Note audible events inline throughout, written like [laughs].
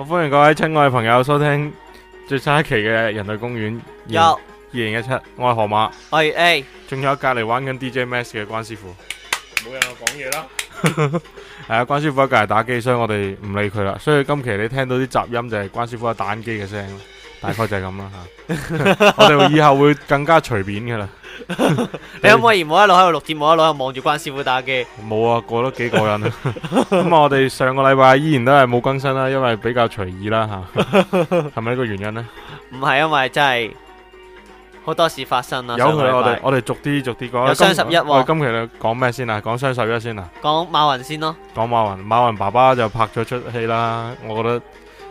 我歡迎各位親愛嘅朋友收聽最新一期嘅《人類公園》。有二零一七，我係河馬。係、哎、誒，仲、哎、有隔籬玩緊 DJ Max 嘅關師傅。冇人講嘢啦。係 [laughs] 啊，關師傅喺隔籬打機，所以我哋唔理佢啦。所以今期你聽到啲雜音就係關師傅喺打機嘅聲。大概就係咁啦吓，我哋以後會更加隨便噶啦。你可唔可以唔好一路喺度錄節目，一路喺度望住關師傅打機？冇啊，過得幾過癮啊！咁啊，我哋上個禮拜依然都係冇更新啦，因為比較隨意啦吓，係咪呢個原因咧？唔係，因為真係好多事發生啦。有佢，我哋我哋逐啲逐啲講。有雙十一喎。今期你講咩先啊？講雙十一先啊？講馬雲先咯。講馬雲，馬雲爸爸就拍咗出戲啦，我覺得。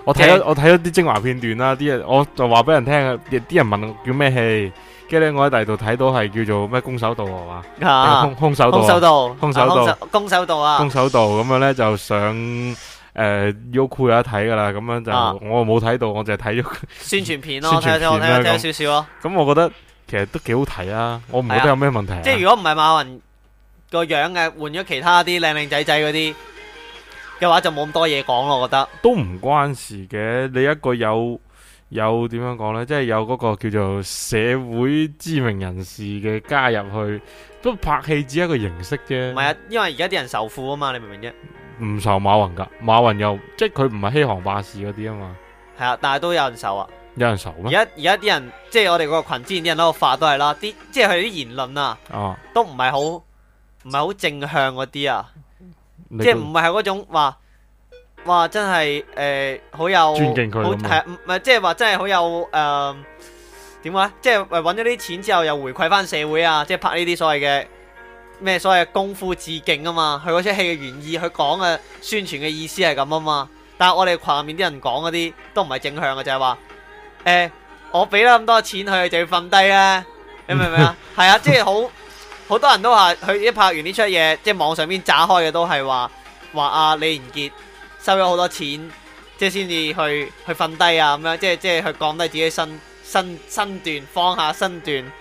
我睇咗我睇咗啲精華片段啦，啲人我就話俾人聽啊，啲人問叫咩戲？跟住咧我喺第二度睇到係叫做咩攻守道係嘛，空手道，攻守道，攻守道，啊，攻守道咁樣咧就上誒優酷有得睇噶啦，咁、啊、樣就、呃樣就啊、我冇睇到，我淨係睇咗宣傳片咯、啊，睇咗少少咯，咁我、我、我、啊、我覺得其實都幾好睇啊，我唔覺得有咩問題、啊啊，即係如果唔係馬雲個樣嘅，換咗其他啲靚靚仔仔嗰啲。嘅話就冇咁多嘢講咯，我覺得都唔關事嘅。你一個有有點樣講呢即係、就是、有嗰個叫做社會知名人士嘅加入去，都拍戲只一個形式啫。唔係啊，因為而家啲人仇富啊嘛，你明唔明啫？唔仇馬雲噶，馬雲又即係佢唔係欺行霸市嗰啲啊嘛。係啊，但係都有人仇啊，有人仇咩？而家而家啲人即係、就是、我哋嗰個群之前啲人喺度發都係啦，啲即係佢啲言論啊,啊，都唔係好唔係好正向嗰啲啊。即係唔係係嗰種話，話真係誒好有尊敬佢啊，唔係即係話真係好有誒點話，即係搵咗啲錢之後又回饋翻社會啊！即係拍呢啲所謂嘅咩所謂的功夫致敬啊嘛，佢嗰出戲嘅原意，佢講嘅宣傳嘅意思係咁啊嘛。但係我哋群入面啲人講嗰啲都唔係正向嘅，就係話誒我俾咗咁多錢佢就要瞓低啊！你明唔明啊？係 [laughs] 啊，即係好。好多人都話佢一拍完呢出嘢，即係網上面炸開嘅都係話，話阿李連杰收咗好多錢，即係先至去去瞓低啊咁樣，即係即係去降低自己身身身段，放下身段去，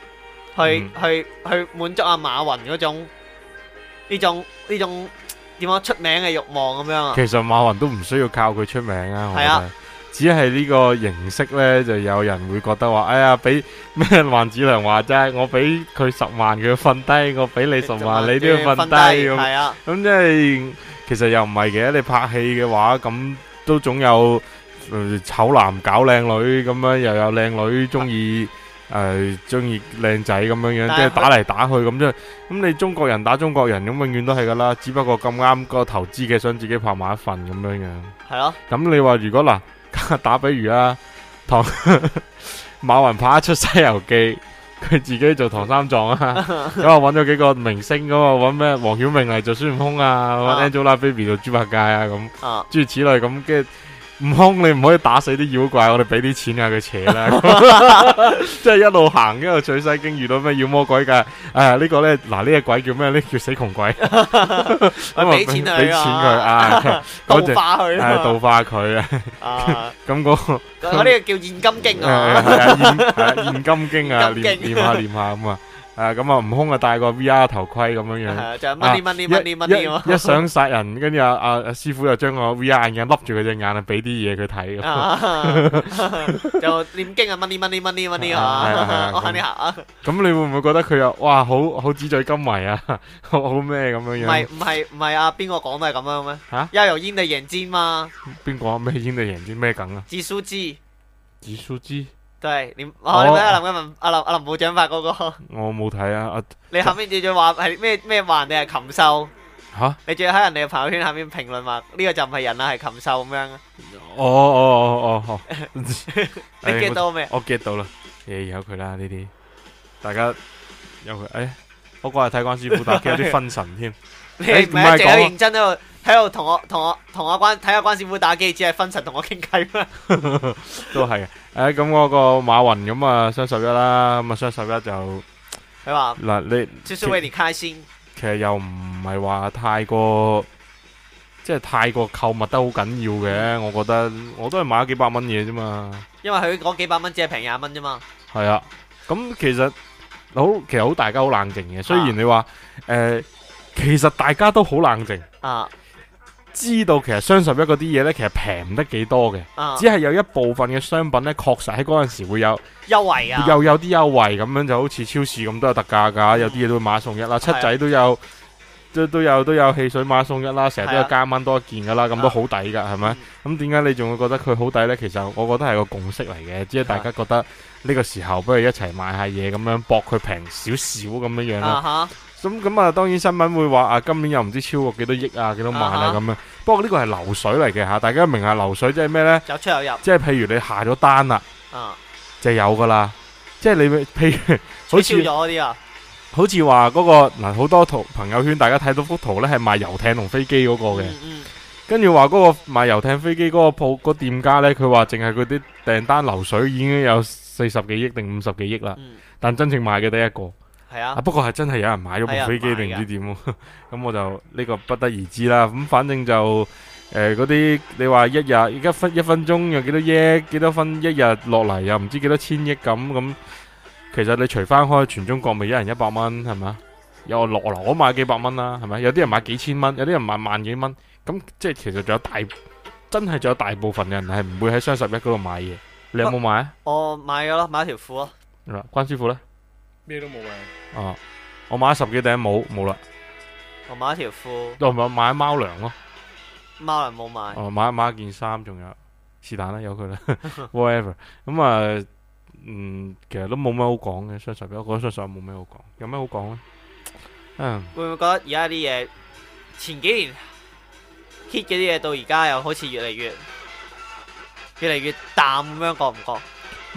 嗯、去去滿足阿，啊、馬雲嗰種呢種呢種點講出名嘅欲望咁樣啊。其實馬雲都唔需要靠佢出名啊。係啊。只係呢個形式呢，就有人會覺得話，哎呀，俾咩？黃子良話齋，我俾佢十萬，佢瞓低，我俾你十萬，你都要瞓低咁。咁即係其實又唔係嘅。你拍戲嘅話，咁都總有醜男搞靚女咁樣，又有靚女中意誒，中意靚仔咁樣樣，即係打嚟，打去咁啫。咁你中國人打中國人，咁永遠都係噶啦。只不過咁啱個投資嘅想自己拍埋一份咁樣樣。係咯。咁你話如果嗱？ [laughs] 打比喻啊，唐 [laughs] 馬雲拍一出《西遊記》，佢自己做唐三藏啊，咁啊揾咗幾個明星咁啊，揾咩黃曉明嚟做孫悟空啊，揾 Angelababy 做豬八戒啊，咁諸、啊啊、如此類咁嘅。跟住跟住悟空，你唔可以打死啲妖怪，我哋俾啲錢佢扯啦，即係 [laughs] [laughs] 一路行一路取西經，遇到咩妖魔鬼嘅？誒、啊，這個、呢個咧，嗱、啊、呢、這個鬼叫咩咧？這個、叫死窮鬼，我 [laughs] 俾 [laughs] 他給錢佢，俾啊，道化佢，道化佢啊，咁、啊、嗰，嗰、那、呢個叫現金經、啊 [laughs] 啊、現金經啊，現金經啊，念，念下 [laughs] 念下咁啊。誒，咁啊，悟空啊，戴個 VR 頭盔咁樣樣，是是就啊、money, 一一,一想殺人，跟、啊、住的啊，阿師傅又將個 VR 眼鏡笠住佢隻眼啊，俾啲嘢佢睇，就念經 [laughs] money, money, money, money, 是是是是啊，乜呢乜呢乜呢我喊你下啊。咁你會唔會覺得佢又哇好好，好紙醉金迷啊，好咩咁樣樣？唔係唔係唔係，阿邊個講都係咁樣咩？吓，邱尤煙地贏尖嘛。邊個咩煙地贏尖咩梗啊？紫蘇枝？紫蘇枝？都係你，我你睇阿林嘅文，阿林阿林冇長發嗰個，我冇睇啊！你後邊仲要話係咩咩話人哋係禽獸？吓！你仲要喺人哋嘅朋友圈下面評論話呢個就唔係人啊，係禽獸咁樣。哦哦哦哦哦！你 get 到咩？我 get 到啦，唉，由佢啦呢啲，大家由佢。誒，我過嚟睇關師傅，打機有啲分神添。你唔係淨係認真喺度喺度同我同我同阿關睇下關師傅打機，只係分神同我傾偈咩？都係嘅。誒，咁嗰個馬雲咁啊，雙十一啦，咁啊雙十一就佢話，嗱，你即係你開先，其實又唔係話太過，即係太過購物得好緊要嘅。我覺得我都係買咗幾百蚊嘢啫嘛，因為佢嗰幾百蚊只係平廿蚊啫嘛。係啊，咁其實好，其實好大家好冷靜嘅。雖然你話，誒。其實大家都好冷靜啊，知道其實雙十一嗰啲嘢呢，其實平唔得幾多嘅，啊，只係有一部分嘅商品呢，確實喺嗰陣時會有優惠啊，又有啲優惠咁樣就好似超市咁都有特價噶、嗯，有啲嘢都會買一送一啦、嗯，七仔都有，嗯、都有都有汽水買送一啦，成日都有加蚊多一件噶啦，咁、啊、都好抵噶，係咪？咁點解你仲會覺得佢好抵呢？其實我覺得係個共識嚟嘅，只、就、係、是、大家覺得呢個時候不如一齊買一下嘢咁樣搏佢平少少咁樣樣咯。啊咁咁啊，當然新聞會話啊，今年又唔知超過幾多億啊，幾多萬啊咁、uh -huh. 樣。不過呢個係流水嚟嘅吓，大家明下流水即係咩呢？有出有入。即係譬如你下咗單啦、uh -huh. 啊那個，啊，就有噶啦。即係你譬如好似有啲啊，好似話嗰個嗱，好多圖朋友圈，大家睇到幅圖呢係賣遊艇同飛機嗰、那個嘅。嗯。跟住話嗰個賣遊艇飛機嗰個鋪個店家呢，佢話淨係嗰啲訂單流水已經有四十幾億定五十幾億啦。嗯、mm -hmm.。但真正賣嘅得一個。係啊,啊，不過係真係有人買咗部飛機定唔知點啊？咁、 [laughs] 嗯、我就呢、這個不得而知啦。咁、嗯、反正就誒嗰啲，你話一日而家分一分鐘有幾多億，幾多分一日落嚟又唔知幾多千億咁咁。其實你除翻開全中國咪一人一百蚊係咪？有落落買幾百蚊啦，係咪？有啲人買幾千蚊，有啲人買萬幾蚊。咁即係其實仲有大真係仲有大部分嘅人係唔會喺雙十一嗰度買嘢。你有冇買啊？我買咗啦，買條褲啊。關師傅咧？咩都冇買，啊啊，我買咗十幾頂帽，冇啦。我買咗條褲，都，啊，買買咗貓糧咯。貓糧冇買。哦，啊，買買一件衫，仲有是但啦，有佢啦。 [laughs] [laughs] Whatever，咁啊，嗯，其實都冇咩好講嘅雙十一，我覺得雙十一冇咩好講，有咩好講咧？嗯，會唔會覺得而家啲嘢，前幾年 hit 嘅啲嘢，到而家又好似越嚟越越嚟越淡咁樣，覺唔覺？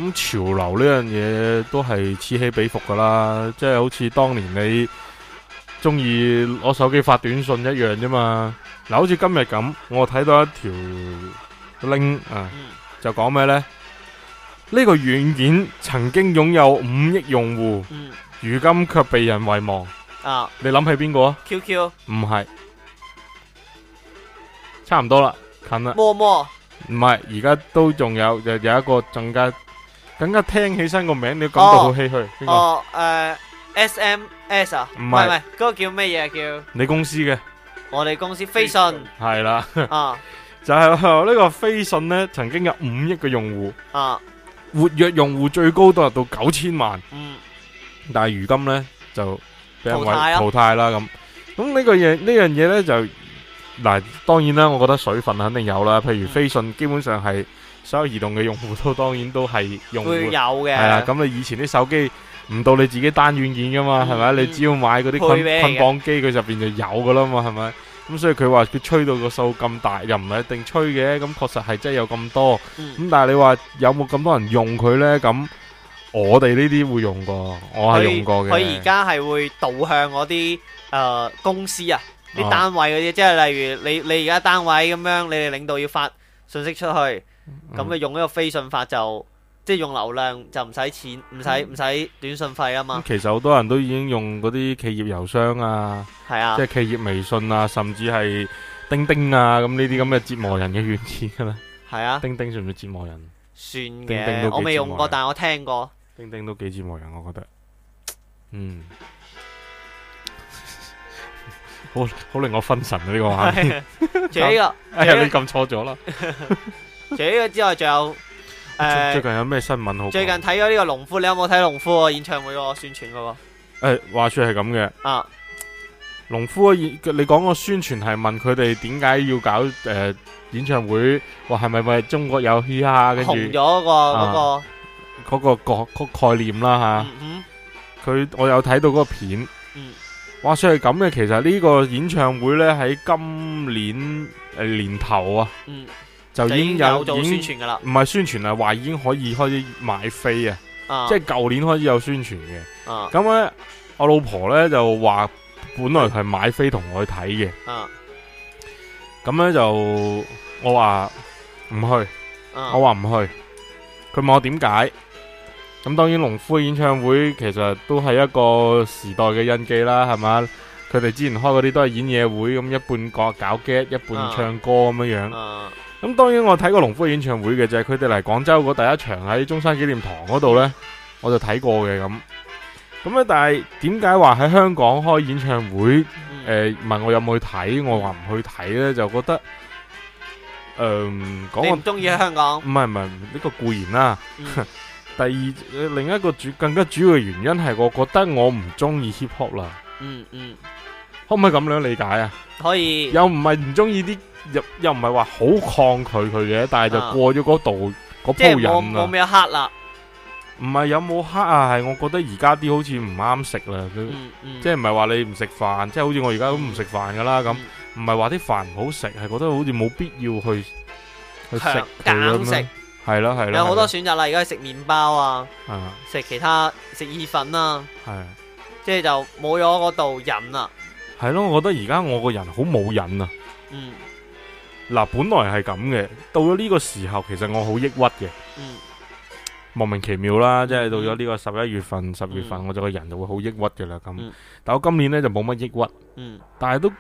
咁潮流呢樣嘢都係此起彼伏噶啦，即係好似當年你中意攞手機發短信一樣啫嘛。嗱，好似今日咁，我睇到一條 link 啊，嗯、就講咩呢？呢、這個軟件曾經擁有五億用戶，嗯、如今卻被人遺忘。啊你，你諗起邊個啊？QQ 唔係，差唔多啦，近啦。陌陌唔係，而家都仲有，就有一個更加。更加聽起身個名，你都感到好唏噓。哦，誒，SMS 啊，唔係，唔係，嗰個叫咩嘢？叫你公司嘅，我哋公司飛信係啦，啊，就係我呢個飛信咧，曾經有五億個用戶，啊，活躍用戶最高都係到九千萬，嗯，但係如今咧就俾人淘汰啦，淘汰啦咁，咁呢個嘢呢樣嘢咧就嗱，當然啦，我覺得水分肯定有啦，譬如飛信基本上係。所有移動嘅用戶都當然都係用戶，有嘅，係啦。咁你以前啲手機唔到你自己單軟件噶嘛，係咪？你只要買嗰啲捆綁機，佢入邊就有噶啦嘛，係咪？咁所以佢話佢吹到個數咁大，又唔係一定吹嘅。咁確實係真係有咁多。咁但係你話有冇咁多人用佢呢？咁我哋呢啲會用過，我係用過嘅。佢而家係會導向嗰啲誒公司啊，啲單位嗰啲，即係例如你你而家單位咁樣，你哋領導要發信息出去，咁、嗯、你用呢個飛信法就，即、就、係、是、用流量就唔使錢，唔使唔使短信費啊嘛。咁其實好多人都已經用嗰啲企業郵箱啊，係啊，即係企業微信啊，甚至係釘釘啊，咁呢啲咁嘅折磨人嘅軟件噶啦。係啊，釘釘、啊、算唔算折磨人？算嘅，我未用過，但我聽過。釘釘都幾折磨人，我覺得。嗯， [laughs] 好好令我分神啊！呢、這個畫面，呢個、啊。哎 [laughs] 呀、啊啊啊，你撳錯咗啦！ [laughs] [laughs] 除呢個之外，仲有誒、呃，最近有咩新聞好？最近睇咗呢個農夫，你有冇睇農夫演唱會宣傳噶？誒、欸，話說係咁嘅，啊，農夫你講個宣傳係問佢哋點解要搞誒、呃、演唱會？話係咪咪中國有嘻哈跟住紅咗個嗰、啊那個嗰、那個那個概念啦吓。佢、嗯、我有睇到嗰個片。嗯，話說係咁嘅，其實呢個演唱會咧喺今年誒、呃、年頭啊。嗯。就已經有，有做宣傳噶啦，唔係宣傳啊，話已經可以開始買飛啊，即係舊年開始有宣傳嘅。咁咧，我老婆咧就話本來係買飛同我去睇嘅。咁、啊、咧就我話唔去，啊、我話唔去。佢、啊、問我點解？咁當然，農夫演唱會其實都係一個時代嘅印記啦，係嘛？佢哋之前開嗰啲都係演嘢會，咁一半個搞 get，一半唱歌咁樣樣。啊啊咁當然我睇過農夫演唱會嘅，就係佢哋嚟廣州嗰第一場喺中山紀念堂嗰度呢，我就睇過嘅咁。咁咧，但係點解話喺香港開演唱會？誒、嗯，問我有冇去睇，我話唔去睇呢，就覺得，誒、嗯，講我唔中意喺香港。唔係唔係，呢、這個固然啦，啊。嗯， [laughs] 第二、呃，另一個主更加主要嘅原因係，我覺得我唔中意 hip hop 啦。嗯嗯，可唔可以咁樣理解啊？可以。又唔係唔中意啲？又又唔係話好抗拒佢嘅，但係就過咗嗰度嗰鋪癮啦。即係我冇咩黑啦，唔係有冇黑啊？係我覺得而家啲好似唔啱食啦，即係唔係話你唔食飯，即係好似我而家都唔食飯噶啦咁，唔係話啲飯唔好食，係覺得好似冇必要去強硬食。係咯係咯，有好多選擇啦，而家食麵包啊，食其他食意粉啊，係，即係就冇咗嗰度癮啦。係咯，我覺得而家我個人好冇癮啊。嗯。嗱，本來係咁嘅，到咗呢個時候，其實我好抑鬱嘅，莫名其妙啦，即係到咗呢個十一月份、十月份，我就個人就會好抑鬱嘅啦。咁，但係我今年咧就冇乜抑鬱，但係都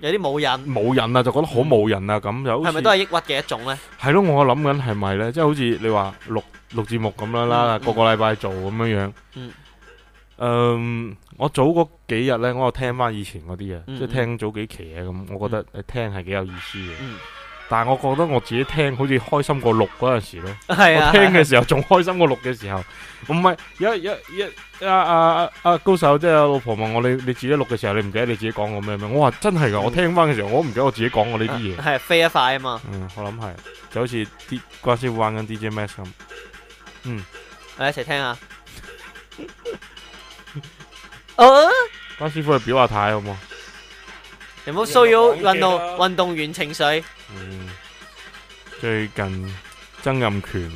有啲冇癮，冇癮啊，就覺得好冇癮啊，咁又係咪都係抑鬱嘅一種咧？係咯，我諗緊係咪咧？即係好似你話錄錄節目咁樣啦，個個禮拜做咁樣樣。嗯，我早嗰幾日咧，我又聽翻以前嗰啲嘢，即係聽早幾期啊咁，我覺得聽係幾有意思嘅、嗯。但係我覺得我自己聽好似開心過錄嗰陣時咧、啊，我聽嘅時候仲、啊、開心過錄嘅時候。唔、啊、係，有有有阿阿阿高手即係老婆問我你你自己錄嘅時候，你唔記得你自己講過咩咩？我話真係噶，我聽翻嘅時候，我唔記得我自己講過呢啲嘢。係、啊啊、飛一快啊嘛。嗯，我諗係就好似啲關師傅玩緊 DJ Max 咁。嗯，我哋一齊聽一下。 [laughs] 阿師傅你表下態好冇？你唔好騷擾運動運動員情緒。嗯，最近曾蔭權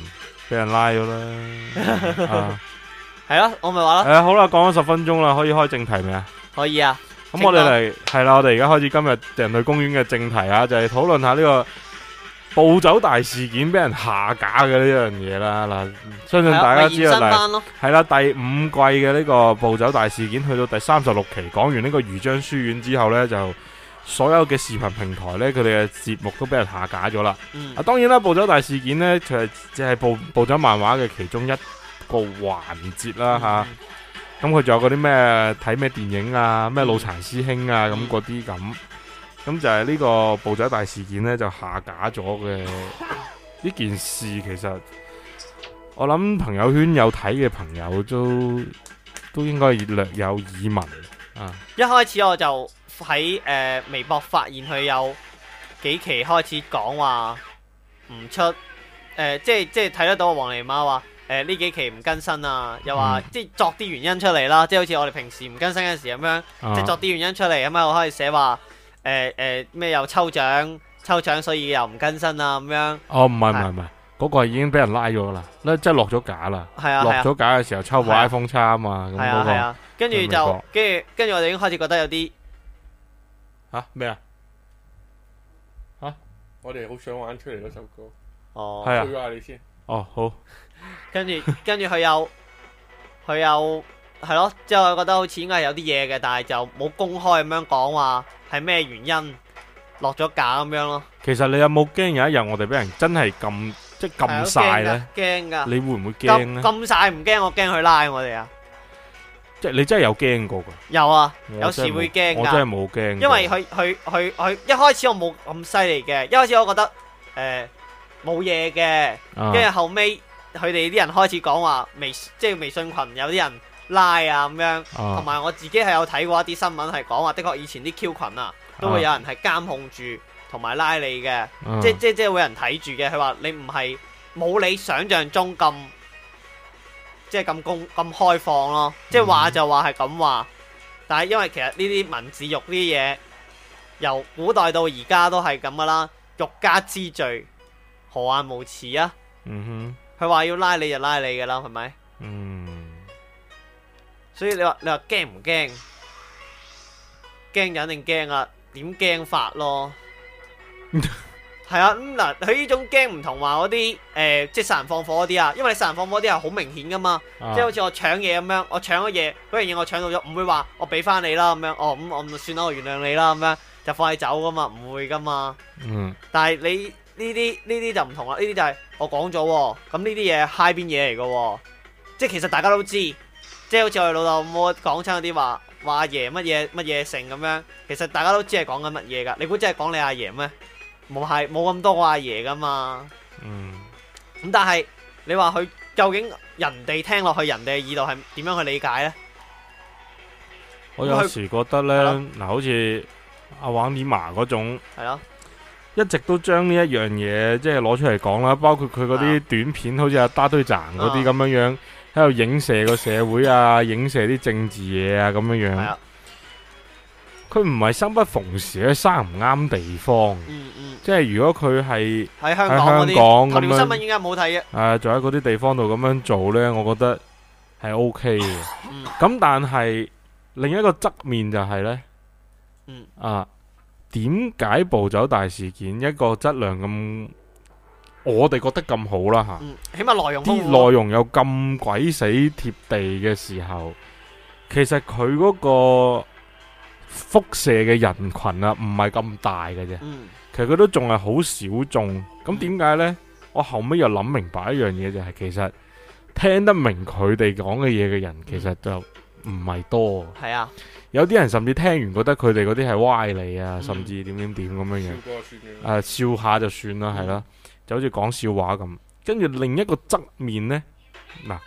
俾人拉咗啦。係咯，我咪話咯。係啊，好啦，講咗十分鐘啦，可以開正題未啊？可以啊。咁我哋嚟係啦，我哋而家開始今日人類公園嘅正題啊，就係討論下呢個。暴走大事件俾人下架嘅呢樣嘢啦，嗱，相信大家知道係啦、啊哦、第五季嘅呢個暴走大事件去到第三十六期講完呢個豫章書院之後呢，就所有嘅視頻平台呢，佢哋嘅節目都俾人下架咗啦、嗯。啊，當然啦，暴走大事件呢，就只係暴暴走漫畫嘅其中一個環節啦吓。咁佢仲有嗰啲咩睇咩電影啊，咩腦殘師兄啊咁嗰啲咁。那些咁就係呢個暴仔大事件呢，就下架咗嘅呢件事。其實我諗朋友圈有睇嘅朋友都都應該略有耳聞啊。一開始我就喺誒、呃、微博發現佢有幾期開始講話唔出，誒、呃、即係即係睇得到黃泥貓話，誒、呃、呢幾期唔更新啊，又話、嗯、即係作啲原因出嚟啦。即係好似我哋平時唔更新嘅時咁樣，啊、即係作啲原因出嚟咁啊，我開始寫話。誒誒咩又抽獎抽獎，所以又唔更新啊？咁樣哦，唔係唔係唔係，嗰個係已經俾人拉咗啦，拉即係落咗架啦，係啊，落咗架嘅時候抽部 iPhone X 啊嘛，係啊，跟住就跟住跟住我哋已經開始覺得有啲吓咩啊吓，我哋好想玩出嚟嗰首歌哦，係啊，下你先哦，好，跟住跟住佢有佢有。係咯，即係我覺得好似應該係有啲嘢嘅，但係就冇公開咁樣講話係咩原因落咗架咁樣咯。其實你有冇驚有一日我哋俾人真係撳即係撳晒咧？驚噶！你會唔會驚咧？撳晒唔驚，我驚佢拉我哋啊！即係你真係有驚過噶？有啊，有時會驚。我真係冇驚。因為佢佢佢佢一開始我冇咁犀利嘅，一開始我覺得誒冇嘢嘅，跟住後尾佢哋啲人開始講話微即係微信群有啲人。拉啊咁樣，同、oh. 埋我自己係有睇過一啲新聞，係講話的確以前啲 Q 群啊，都會有人係監控住，同埋拉你嘅、oh.，即係即係會有人睇住嘅。佢話你唔係冇你想象中咁，即係咁咁開放咯。即係話就話係咁話，mm -hmm. 但係因為其實呢啲文字獄呢啲嘢，由古代到而家都係咁噶啦，欲加之罪，何患無辭啊？哼，佢話要拉你就拉你噶啦，係、mm、咪 -hmm.？嗯、mm -hmm.。所以你話你話驚唔驚？驚就肯定驚啊，點驚法咯？係 [laughs] 啊，咁、嗯、嗱，佢呢種驚唔同話嗰啲誒，即係殺人放火嗰啲啊，因為你殺人放火嗰啲係好明顯噶嘛，啊、即係好似我搶嘢咁樣，我搶咗嘢嗰樣嘢我搶到咗，唔會話我俾翻你啦咁樣，哦咁我唔算啦，我原諒你啦咁樣，就放你走噶嘛，唔會噶嘛。嗯、但係你呢啲呢啲就唔同啦，呢啲就係我講咗，咁呢啲嘢嗨邊嘢嚟噶？即係其實大家都知。即係好似我哋老豆冇講親嗰啲話，話阿爺乜嘢乜嘢成咁樣，其實大家都知係講緊乜嘢㗎？你估真係講你阿爺咩？冇係冇咁多個阿爺㗎嘛？嗯。咁但係你話佢究竟人哋聽落去，人哋嘅耳度係點樣去理解呢？我有時覺得呢，嗱，好似阿瓦尼麻嗰種，係咯，一直都將呢一樣嘢即係攞出嚟講啦，包括佢嗰啲短片，好似阿打堆站嗰啲咁樣樣。喺度影射個社會啊，影射啲政治嘢啊，咁樣樣。係啊，佢唔係生不逢時，佢生唔啱地方。嗯嗯，即係如果佢係喺香港嗰啲，頭條新聞應該唔好睇嘅。誒，仲喺嗰啲地方度咁樣做呢，我覺得係 OK 嘅。嗯，咁但係另一個側面就係呢，嗯，啊，點解暴走大事件一個質量咁？我哋覺得咁好啦吓，嗯，起碼內容啲內容有咁鬼死貼地嘅時候，其實佢嗰個輻射嘅人群啊，唔係咁大嘅啫。其實佢都仲係好小眾。咁點解呢？我後尾又諗明白一樣嘢就係，其實聽得明佢哋講嘅嘢嘅人，嗯，其實就唔係多。係啊，有啲人甚至聽完覺得佢哋嗰啲係歪理啊，嗯，甚至點點點咁樣嘅。笑誒，啊，笑下就算啦，係、嗯、啦。就好似講笑話咁，跟住另一個側面呢，嗱、啊，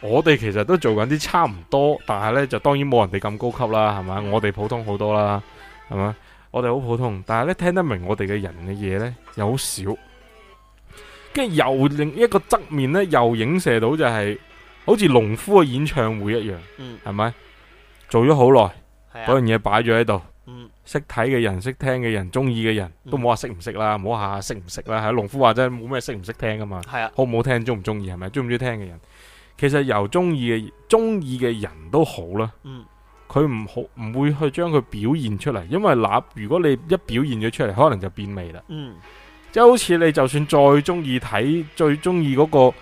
我哋其實都做緊啲差唔多，但係呢，就當然冇人哋咁高級啦，係咪？我哋普通好多啦，係咪？我哋好普通，但係呢，聽得明我哋嘅人嘅嘢呢，又好少。跟住又另一個側面呢，又影射到就係、是、好似農夫嘅演唱會一樣，嗯，係咪？做咗好耐，嗰樣嘢擺咗喺度。識睇嘅人，識聽嘅人，中意嘅人都冇話識唔識啦，冇下下識唔識啦。喺農夫話真係冇咩識唔識聽噶嘛，係啊，好唔好聽，中唔中意係咪，中唔中意聽嘅人，其實由中意嘅中意嘅人都好啦。嗯，佢唔好唔會去將佢表現出嚟，因為嗱如果你一表現咗出嚟，可能就變味啦。嗯，即係好似你就算再中意睇，最中意嗰個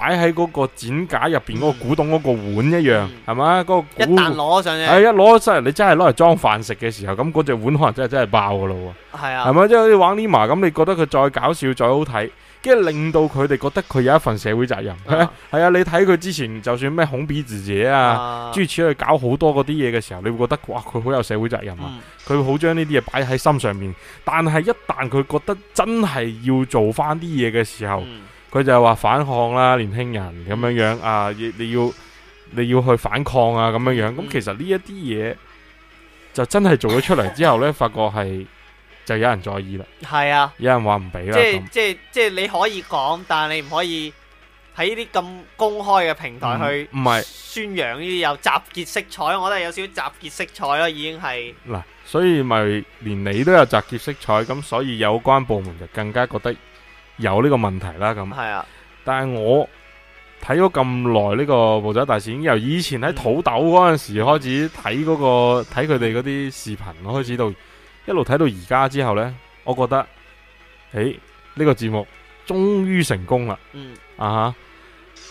擺喺嗰個展架入邊嗰個古董嗰個碗一樣，係、嗯、嘛？嗰、嗰個一旦攞上去，係一攞上去，你真係攞嚟裝飯食嘅時候，咁嗰隻碗可能真係真係爆噶咯。係啊，係咪即係好似玩匿埋咁？你覺得佢再搞笑、再好睇，跟住令到佢哋覺得佢有一份社會責任。係啊，啊，你睇佢之前就算咩恐比自己啊，諸如此類搞好多嗰啲嘢嘅時候，你會覺得哇，佢好有社會責任啊！佢、嗯、好將呢啲嘢擺喺心上面。」但係一旦佢覺得真係要做翻啲嘢嘅時候。嗯佢就係話反抗啦，年輕人咁樣樣啊，你要你要去反抗啊，咁樣樣。咁其實呢一啲嘢就真係做咗出嚟，之後呢，發覺係就有人在意啦。係啊，有人話唔俾啦。即係即係即係你可以講，但係你唔可以喺呢啲咁公開嘅平台去宣揚呢啲有集結色彩，嗯、我覺得有少少集結色彩啦已經係嗱，所以咪連你都有集結色彩，咁所以有關部門就更加覺得。有呢個問題啦，咁，啊、但係我睇咗咁耐呢個《暴走大事件》，由以前喺土豆嗰陣時候、嗯、開始睇嗰、嗰個睇佢哋嗰啲視頻，開始到一路睇到而家之後呢，我覺得，誒、欸、呢、呢個節目終於成功啦，啊！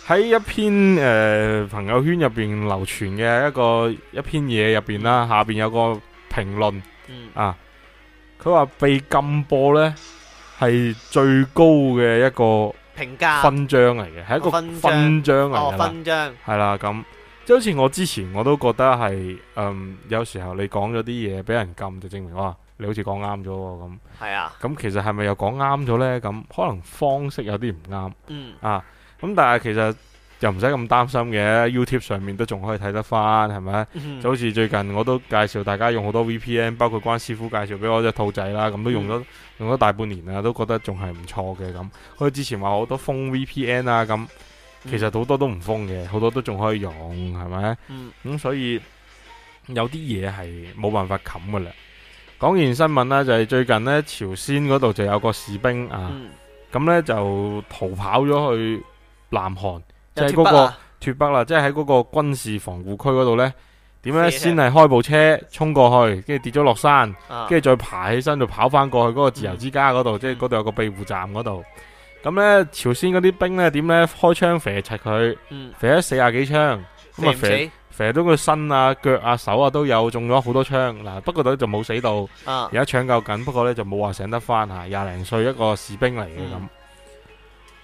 喺一篇誒、呃、朋友圈入邊流傳嘅一個一篇嘢入邊啦，下邊有個評論，嗯、啊，佢話被禁播呢。係最高嘅一個評價勳章嚟嘅，係一個勳章嚟噶啦。係啦，咁即係好似我之前我都覺得係，嗯，有時候你講咗啲嘢俾人禁，就證明哇，你好似講啱咗咁。係啊，咁其實係咪又講啱咗呢？咁可能方式有啲唔啱。嗯，啊，咁但係其實。又唔使咁擔心嘅，YouTube 上面都仲可以睇得翻，係咪、嗯？就好似最近我都介紹大家用好多 VPN，包括關師傅介紹俾我隻兔仔啦，咁都用咗、嗯、用咗大半年啦，都覺得仲係唔錯嘅咁。好似之前話好多封 VPN 啊，咁其實好多都唔封嘅，好多都仲可以用，係咪？咁、嗯、所以有啲嘢係冇辦法冚嘅啦。講完新聞啦，就係、是、最近呢，朝鮮嗰度就有個士兵、嗯、啊，咁呢就逃跑咗去南韓。即係嗰個脫北啦、啊，即係喺嗰個軍事防護區嗰度呢，點咧先係開部車衝過去，跟住跌咗落山，跟、啊、住再爬起身就跑翻過去嗰個自由之家嗰度，即係嗰度有個庇護站嗰度。咁呢，朝鮮嗰啲兵呢，點咧開槍射柒佢，射、嗯、咗四十幾槍，咁啊射射到佢身啊、腳啊、手啊都有中咗好多槍嗱。不過佢就冇死到，而家搶救緊，不過呢，就冇話醒得翻吓，廿零歲一個士兵嚟嘅咁。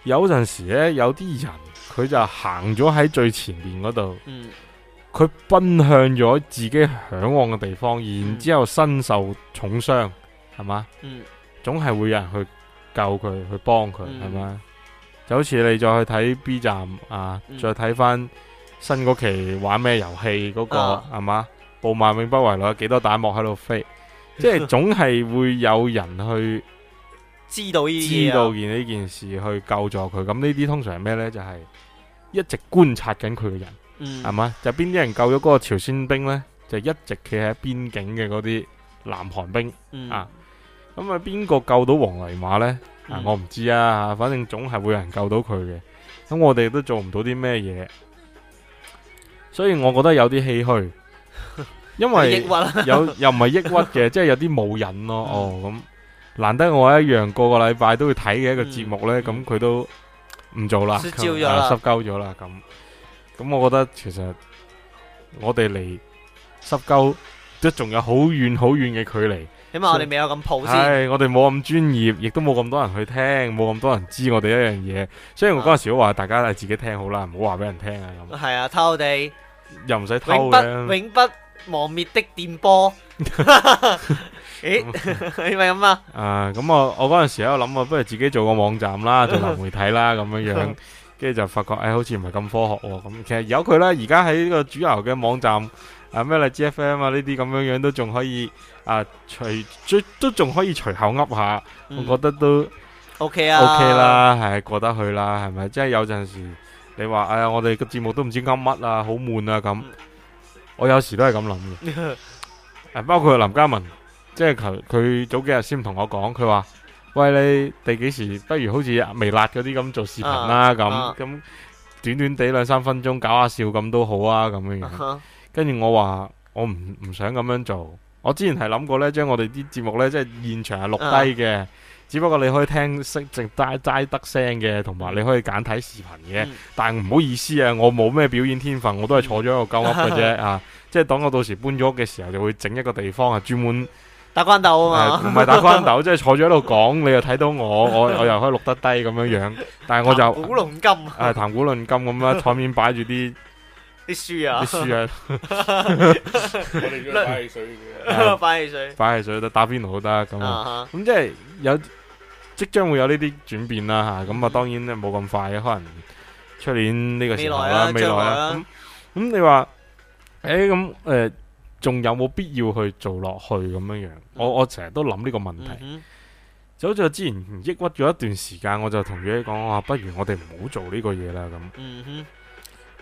有陣時呢，有啲人。佢就行咗喺最前面嗰度，佢、嗯、奔向咗自己向往嘅地方，然之後身受重傷，係、嗯、嘛、嗯？總係會有人去救佢，去幫佢，係、嗯、咪？就好似你再去睇 B 站啊，嗯、再睇翻新嗰期玩咩遊戲嗰個，係、啊、嘛？《暴漫永不為奴》有幾多彈幕喺度飛？即、啊、係總係會有人去。知道呢？啊、知道件呢件事去救助佢，咁呢啲通常係咩呢？就係、是、一直觀察緊佢嘅人，係、嗯、嘛？就邊、是、啲人救咗嗰個朝鮮兵呢？就是、一直企喺邊境嘅嗰啲南韓兵、嗯、啊。咁啊，邊個救到黃泥馬呢？嗯、啊，我唔知啊，反正總係會有人救到佢嘅。咁我哋都做唔到啲咩嘢，所以我覺得有啲唏噓，因為有又唔係抑鬱嘅，即 [laughs] 係有啲冇癮咯。哦，咁。難得我一樣個個禮拜都會睇嘅一個節目呢，咁佢都唔做啦，濕鳩咗啦，濕鳩咗啦咁。咁我覺得其實我哋離濕鳩都仲有好遠好遠嘅距離。起碼我哋未有咁抱先。唉，我哋冇咁專業，亦都冇咁多人去聽，冇咁多人知我哋一樣嘢。雖然我嗰陣時都話，大家都係自己聽好啦，唔好話俾人聽啊咁。係啊，偷哋又唔使偷啊。永不，永不。磨滅的電波，誒，係咪咁啊？啊，咁我我嗰陣時喺度諗，不如自己做個網站啦，做流媒體啦，咁樣樣，跟住就發覺，誒，好似唔係咁科學喎。咁其實有佢咧，而家喺呢個主流嘅網站，啊咩啦 GFM 啊呢啲咁樣樣都仲可以，啊隨最都仲可以隨口噏下，我覺得都 OK 啊，OK 啦，係過得去啦，係咪？即係有陣時你話，哎呀，我哋個節目都唔知噏乜啊，好悶啊咁。我有時都係咁諗嘅， [laughs] 包括林嘉文，即係佢早幾日先同我講，佢話：喂，你第幾時不如好似微辣嗰啲咁做視頻啦、啊，咁、啊、咁、啊、短短地兩三分鐘搞下笑咁都好啊，咁樣樣。跟住、uh-huh、我話我唔唔想咁樣做，我之前係諗過呢，將我哋啲節目呢，即係現場錄低嘅。啊只不過你可以聽識淨齋齋得聲嘅，同埋你可以揀睇視頻嘅，嗯、但唔好意思啊，我冇咩表演天分，我都係坐咗一個舊屋嘅啫、嗯、啊！ [laughs] 即係等我到時搬咗屋嘅時候，就會整一個地方專啊，專門打關斗啊嘛，唔係打關斗，即係坐咗喺度講，你又睇到我，我我又可以錄得低咁樣樣，但係我就古論金啊,啊，談古論金咁啦，台面擺住啲。你輸啊，啊 [laughs] [laughs] 我哋中快汽水快、啊、汽水，快汽水都打邊爐都得咁，咁、uh -huh. 即係有即將會有呢啲轉變啦吓，咁、uh、啊 -huh. 當然咧冇咁快嘅，可能出年呢個時候啦，未來、啊、未來啦，咁、啊、你話，誒咁誒仲有冇必要去做落去咁樣樣？Uh -huh. 我我成日都諗呢個問題，uh -huh. 就好似之前抑鬱咗一段時間，我就同 Jie 講，我話不如我哋唔好做呢個嘢啦咁。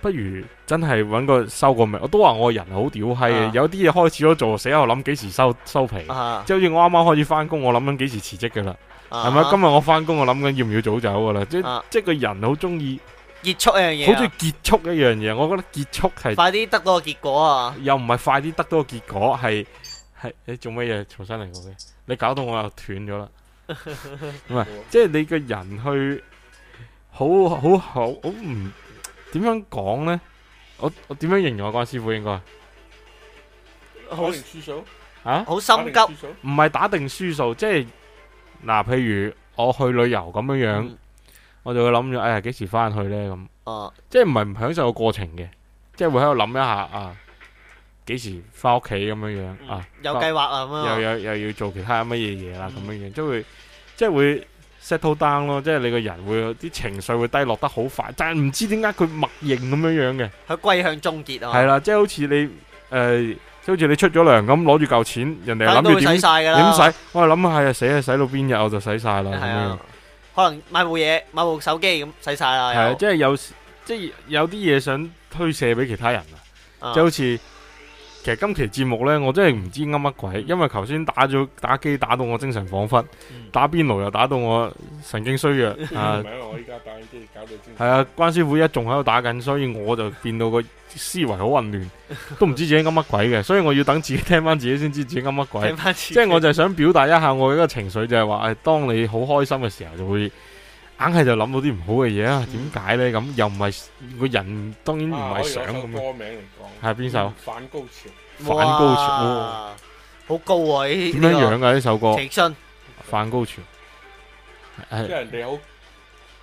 不如真係揾個收個名。我都話我人好屌閪嘅、啊，有啲嘢開始咗做，死喺度諗幾時收收皮。即係好似我啱啱開始翻工，我諗緊幾時辭職噶啦，係、啊、咪？今日我翻工，我諗緊要唔要早走噶啦。即係、啊、即係個人好中意結束一樣嘢，好中意結束一樣嘢。我覺得結束係快啲得到個結果啊！又唔係快啲得到個結果，係係你做乜嘢？重新嚟過嘅，你搞到我又斷咗啦。唔 [laughs] 係不是，即 [laughs] 係你個人去好好好唔。好點樣講呢？我我點樣形容啊？關師傅應該好輸啊！好心急，唔係打定輸數，即係嗱、啊，譬如我去旅遊咁樣樣，嗯、我就會諗住誒，幾、哎、時翻去呢？咁、啊。即係唔係唔享受個過程嘅，即係會喺度諗一下啊，幾時翻屋企咁樣樣、嗯、啊？有計劃啊，咁樣又又又要做其他乜嘢嘢啦，咁、嗯、樣樣，即係即係會。即 settle down 咯，即係你個人會啲情緒會低落得好快，但係唔知點解佢默認咁樣樣嘅，佢歸向終結啊，係啦，即係好似你誒，好、呃、似你出咗糧咁，攞住嚿錢，人哋諗住點晒噶啦，點使，我係諗下啊，死、哎、啊，使到邊日我就使晒啦，係可能買部嘢，買部手機咁，使晒啦，係即係有，即係有啲嘢想推卸俾其他人啊，就好似。其實今期節目呢，我真係唔知噏乜鬼，因為頭先打咗打機打到我精神恍惚，打邊爐又打到我神經衰弱、嗯、啊！係啊，我依關師傅一仲喺度打緊，所以我就變到個思維好混亂，都唔知自己噏乜鬼嘅，所以我要等自己聽翻自己先知自己噏乜鬼。即係、就是、我就想表達一下我嘅情緒，就係、是、話，誒、哎，當你好開心嘅時候，就會。嗯硬係就諗到啲唔好嘅嘢啊！點解咧？咁又唔係個人，當然唔係想咁啊。有首歌名嚟講，係邊首？反高潮，反高潮，好高啊！呢點樣樣啊呢首歌？起身，反高潮，即係人哋好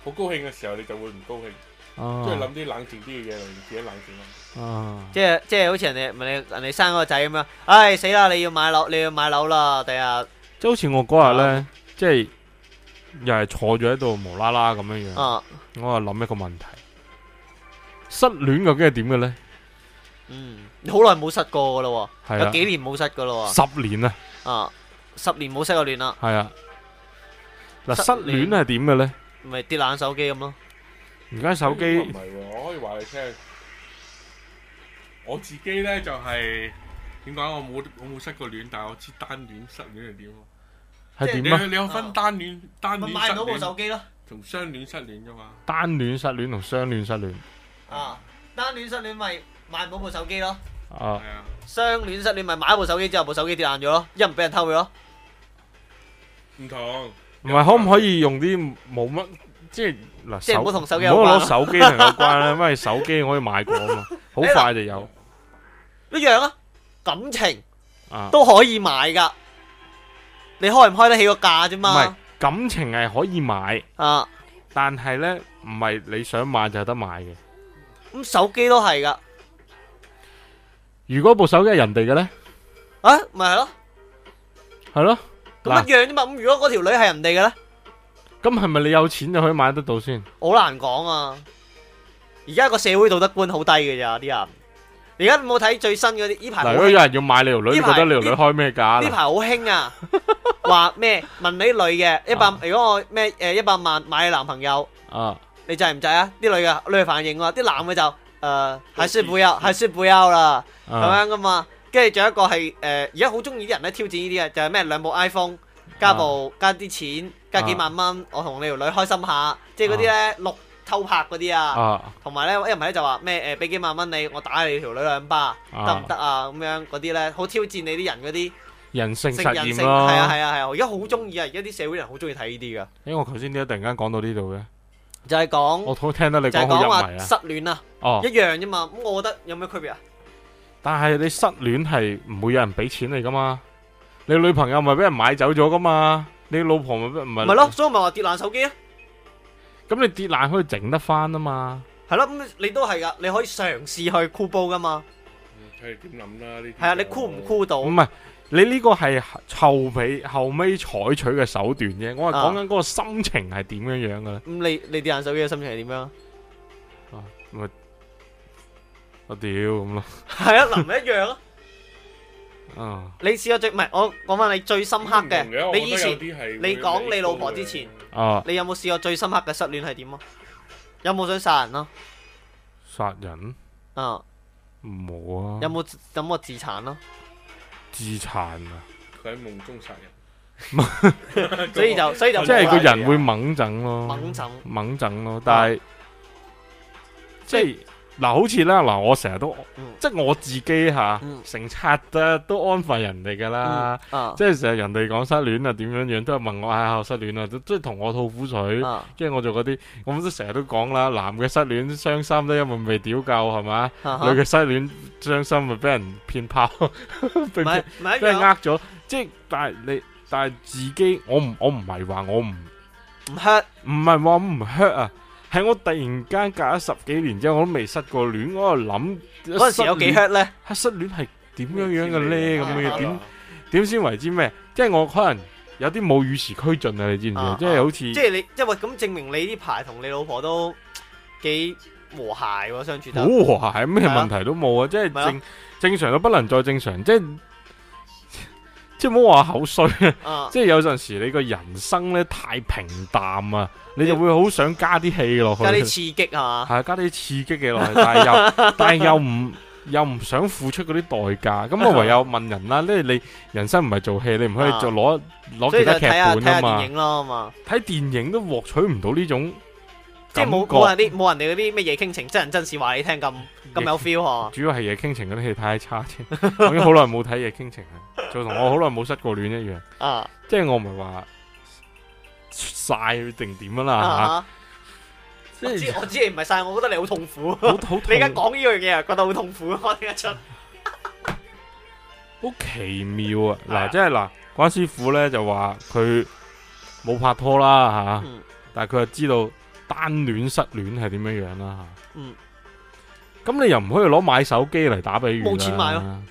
好高興嘅時候，你就會唔高興，即係諗啲冷靜啲嘅嘢，你自己冷靜咯。哦，即係即係，好似人哋問你，人哋生嗰個仔咁樣，唉死啦！你要買樓，你要買樓啦，第日。即係好似我嗰日咧，即係。又係坐咗喺度無啦啦咁樣樣，我啊諗一個問題，失戀究竟係點嘅咧？嗯，好耐冇失過噶啦，有幾年冇失噶啦，十年啊，啊，十年冇失過戀啦，係啊，嗱，失戀係點嘅咧？咪跌爛手機咁咯？而家手機唔係喎，我可以話你聽，我自己咧就係點解？我冇我冇失過戀，但係我知單戀失戀係點。即係點啊你，你有分單戀、單戀失戀，同雙戀失戀啫嘛？單戀失戀同雙戀失戀啊！單戀失戀咪買唔到部手機咯？哦，係啊！雙戀失戀咪買一部手機之後，部手機跌爛咗咯，一唔俾人偷咗咯？唔同，唔係可唔可以用啲冇乜即係嗱？唔好同手機有關啦，因為手機可以買過啊嘛，好快就有一樣啊，感情啊都可以買噶。你開唔開得起個價啫嘛？唔係，感情係可以買啊，但係咧，唔係你想買就有得買嘅。咁手機都係噶。如果部手機係人哋嘅咧，啊，咪係咯，係咯，咁一樣啫嘛。咁如果嗰條女係人哋嘅咧，咁係咪你有錢就可以買得到先？好難講啊！而家個社會道德觀好低嘅咋，啲人。而家你冇睇最新嗰啲，依排如果有人要買你條女，覺得你條女開咩價？呢排好興啊！話咩？問你女嘅一百，如果我咩誒一百萬買你男朋友，你制唔制啊？啲女嘅女嘅反應喎，啲男嘅就誒，係説不要，係説不要啦咁樣噶嘛。跟住仲有一個係誒，而家好中意啲人咧挑戰呢啲呀，就係咩兩部 iPhone，加部加啲錢，加幾萬蚊，我同你條女開心下，即係嗰啲咧六。偷拍嗰啲啊，同埋咧，一唔係咧就話咩誒，俾幾萬蚊你，我打你條女兩巴，得唔得啊？咁樣嗰啲咧，好挑戰你啲人嗰啲人性實驗咯，係啊係啊係啊，而家好中意啊，而家啲社會人好中意睇呢啲噶。因為，我頭先點突然間講到呢度嘅？就係講，我好聽得你講好入迷啊。失戀啊，哦，一樣啫嘛。咁我覺得有咩區別啊？但係你失戀係唔會有人俾錢你噶嘛？你女朋友咪俾人買走咗噶嘛？你老婆咪唔係唔係咯？所以咪話跌爛手機啊！咁你跌爛可以整得翻啊嘛？係咯、啊，咁你都係噶，你可以嘗試去箍煲噶嘛？睇你點諗啦，呢係啊，你箍唔箍到？唔係，你呢個係後尾後尾採取嘅手段啫。我係講緊嗰個心情係點樣樣噶。咁、啊、你你跌爛手機嘅心情係點樣？啊咪我屌咁咯。係啊，林一樣 [laughs] 啊。你試下最唔係？我我講翻你最深刻嘅。你以前是的你講你老婆之前。嗯啊、你有冇試過最深刻嘅失戀係點啊？有冇想殺人啊？殺人？啊，冇啊。有冇咁我自殘咯、啊？自殘啊？佢喺夢中殺人 [laughs] [laughs] 所、那個，所以就所以就即係、啊就是、個人會猛整咯，猛整猛整咯，但係即係。啊嗱、啊，好似咧，嗱、啊，我成日都、嗯、即係我自己嚇、啊嗯，成拆嘅、啊、都安慰人哋㗎啦，嗯啊、即係成日人哋講失戀啊點樣樣，都係問我唉、哎，我失戀啦、啊，即係同我吐苦水，跟、啊、住我做嗰啲，我都成日都講啦，男嘅失戀傷心都因為未屌夠係嘛、啊，女嘅失戀傷心咪俾人騙炮，俾、啊、人呃咗，即係、啊、但係你但係自己，我唔我唔係話我唔唔 hurt，唔係話唔 hurt 啊。係我突然間隔咗十幾年之後，我都未失過戀。我喺度諗，嗰時有幾 hurt 咧？失戀係點樣的呢樣嘅咧？咁嘅點點先為之咩？即係我可能有啲冇與時俱進啊！你知唔知道？即、啊、係、就是、好似即係你，即係咁證明你呢排同你老婆都幾和諧喎，相處得好和諧，咩問題都冇啊！即、就、係、是、正、啊、正常都不能再正常，即係。即係唔好話口水，即係有陣時你個人生咧太平淡啊，你就會好想加啲戲落去，加啲刺激啊，係啊，加啲刺激嘅落去，但係又但係又唔又唔想付出嗰啲代價，咁 [laughs] 我唯有問人啦，即係你人生唔係做戲，你唔可以做攞攞其他劇本啊嘛，睇電影咯嘛，睇電影都獲取唔到呢種。即係冇冇人啲冇人哋嗰啲咩夜傾情真人真事話你聽咁咁有 feel 嗬？主要係夜傾情嗰啲戲太差添， [laughs] 我已經好耐冇睇夜傾情啦， [laughs] 就同我好耐冇失過戀一樣。啊！即係我唔係話晒定點啦吓。即知、啊啊啊啊、我知，我知你唔係晒，我覺得你好痛苦。你而家講呢樣嘢啊， [laughs] 覺得好痛苦，我聽得出。 [laughs] 好奇妙啊！嗱、 [laughs] 啊啊啊啊，即係嗱、啊，關師傅咧就話佢冇拍拖啦吓、啊嗯，但係佢又知道。單戀失戀係點樣樣、啊、啦？嗯，咁你又唔可以攞買手機嚟打比喻啦。冇錢買咯。